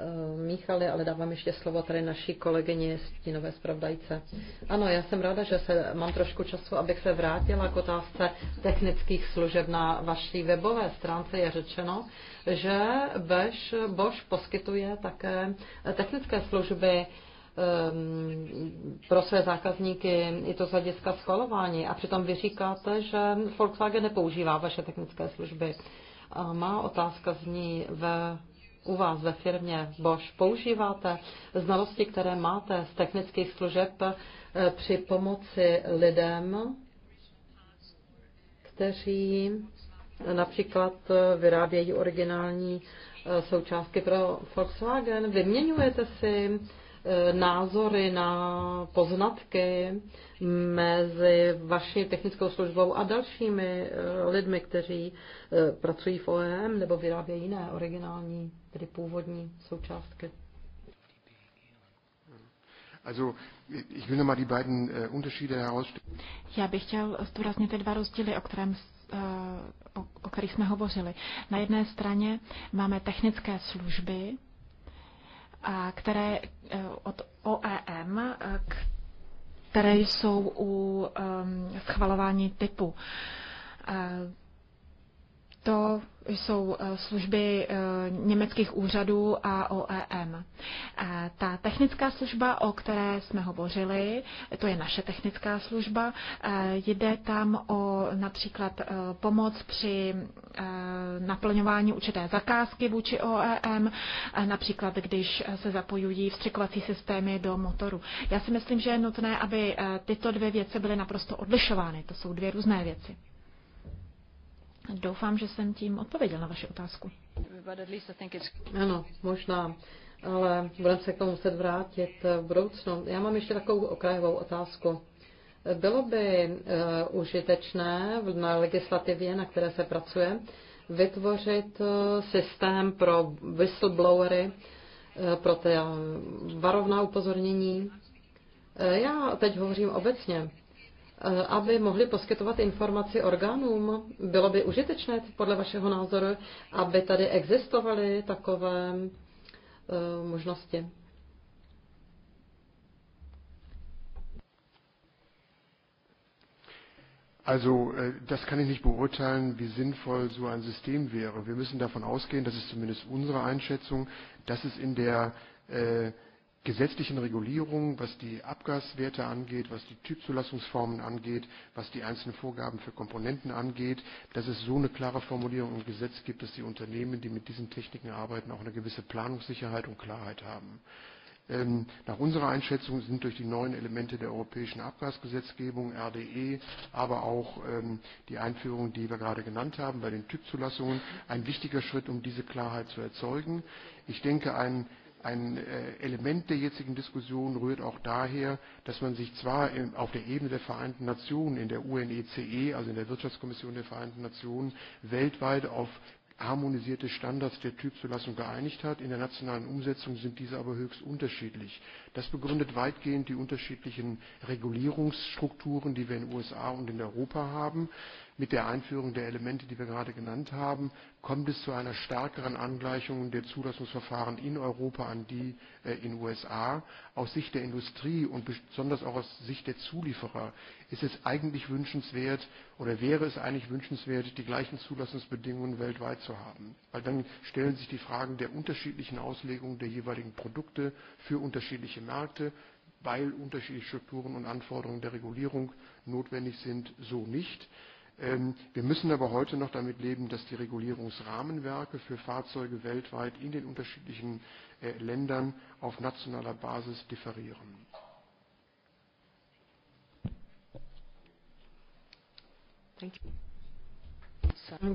Eh, míchali, ale dávám ještě slovo tady naší kolegyně Stínové zpravdajce. Ano, já jsem ráda, že se, mám trošku času, abych se vrátila k otázce technických služeb. Na vaší webové stránce je řečeno, že Bež, bož poskytuje také technické služby eh, pro své zákazníky i to z hlediska schvalování. A přitom vy říkáte, že Volkswagen nepoužívá vaše technické služby. A má otázka zní, ve u vás ve firmě Bosch používáte znalosti, které máte z technických služeb eh, při pomoci lidem, kteří například eh, vyrábějí originální eh, součástky pro Volkswagen. Vyměňujete si názory na poznatky mezi vaší technickou službou a dalšími lidmi, kteří pracují v OEM nebo vyrábějí jiné originální tedy původní součástky.
Also, ich will die beiden äh, Unterschiede
Já bych chtěl zdůraznit ty dva rozdíly, o, kterém, eh, o, o kterých jsme hovořili. Na jedné straně máme technické služby, a které eh, od OEM, eh, které jsou u schvalování typu. To jsou eh, služby eh, německých úřadů a OEM. Eh, ta technická služba, o které jsme hovořili, to je naše technická služba, jde tam o například pomoc při naplňování určité zakázky vůči OEM, například když se zapojují vstřikovací systémy do motoru. Já si myslím, že je nutné, aby tyto dvě věci byly naprosto odlišovány. To jsou dvě různé věci.
Doufám, že jsem tím odpověděl na vaši otázku. Ano, možná, ale budeme se k tomu muset vrátit v budoucnu. Já mám ještě takovou okrajovou otázku. Bylo by uh, užitečné na legislativě, na které se pracuje, vytvořit uh, systém pro whistleblowery, uh, pro ty uh, varovná upozornění. Uh, já teď hovořím obecně. Eh, aby mohli poskytovat informaci orgánům? Bylo by užitečné, podle vašeho názoru, aby tady existovaly takové eh, možnosti?
Also eh, das kann ich nicht beurteilen, wie sinnvoll so ein System wäre. Wir müssen davon ausgehen, das ist zumindest unsere Einschätzung, dass es in der äh, gesetzlichen Regulierung, was die Abgaswerte angeht, was die Typzulassungsformen angeht, was die einzelnen Vorgaben für Komponenten angeht, dass es so eine klare Formulierung im Gesetz gibt, dass die Unternehmen, die mit diesen Techniken arbeiten, auch eine gewisse Planungssicherheit und Klarheit haben. Ähm, nach unserer Einschätzung sind durch die neuen Elemente der europäischen Abgasgesetzgebung, RDE, aber auch ähm, die Einführung, die wir gerade genannt haben, bei den Typzulassungen, ein wichtiger Schritt, um diese Klarheit zu erzeugen. Ich denke, ein Ein äh, Element der jetzigen Diskussion rührt auch daher, dass man sich zwar auf der Ebene der Vereinten Nationen, in der UNECE, e, also in der Wirtschaftskommission der Vereinten Nationen, weltweit auf harmonisierte Standards der Typzulassung geeinigt hat. In der nationalen Umsetzung sind diese aber höchst unterschiedlich. Das begründet weitgehend die unterschiedlichen Regulierungsstrukturen, die wir in den USA und in Europa haben. Mit der Einführung der Elemente, die wir gerade genannt haben, kommt es zu einer stärkeren Angleichung der Zulassungsverfahren in Europa an die äh, in USA. Aus Sicht der Industrie und besonders auch aus Sicht der Zulieferer ist es eigentlich wünschenswert oder wäre es eigentlich wünschenswert, die gleichen Zulassungsbedingungen weltweit zu haben. Weil dann stellen sich die Fragen der unterschiedlichen Auslegung der jeweiligen Produkte für unterschiedliche Märkte, weil unterschiedliche Strukturen und Anforderungen der Regulierung notwendig sind, so nicht. Ähm, wir müssen aber heute noch damit leben, dass die Regulierungsrahmenwerke für Fahrzeuge weltweit in den unterschiedlichen äh, Ländern auf nationaler Basis differieren.
Thank you.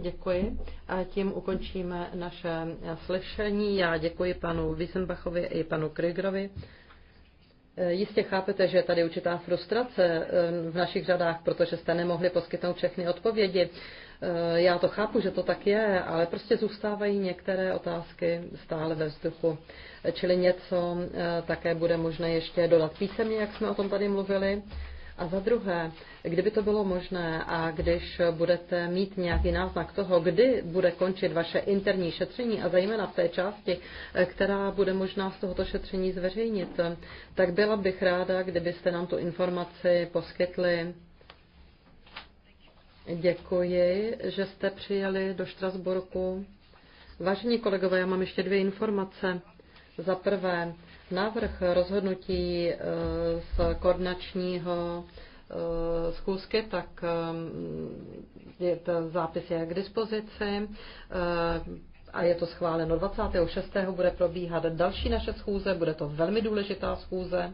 Děkuji. A tím ukončíme naše slyšení. Já děkuji panu Wiesenbachovi i panu Krygerovi. Eh, jistě chápete, že je tady určitá frustrace eh, v našich řadách, protože jste nemohli poskytnout všechny odpovědi. Eh, já to chápu, že to tak je, ale prostě zůstávají některé otázky stále ve vzduchu. Čili něco také bude možné ještě dodat písemně, jak jsme o tom tady mluvili. A za druhé, kdyby to bylo možné a když budete mít nějaký náznak toho, kdy bude končit vaše interní šetření a zejména v té části, která bude možná z tohoto šetření zveřejnit, tak byla bych ráda, kdybyste nám tu informaci poskytli. Děkuji, že jste přijeli do Štrasburku. Vážení kolegové, já mám ještě dvě informace. Za prvé, Návrh rozhodnutí eh, z koordinačního eh, schůzky, tak eh, je to zápis je k dispozici a je to schváleno 26. bude probíhat další naše schůze, bude to velmi důležitá schůze,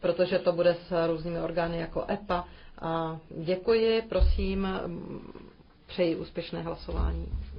protože to bude s různými orgány jako EPA. A děkuji, prosím, přeji
úspěšné hlasování.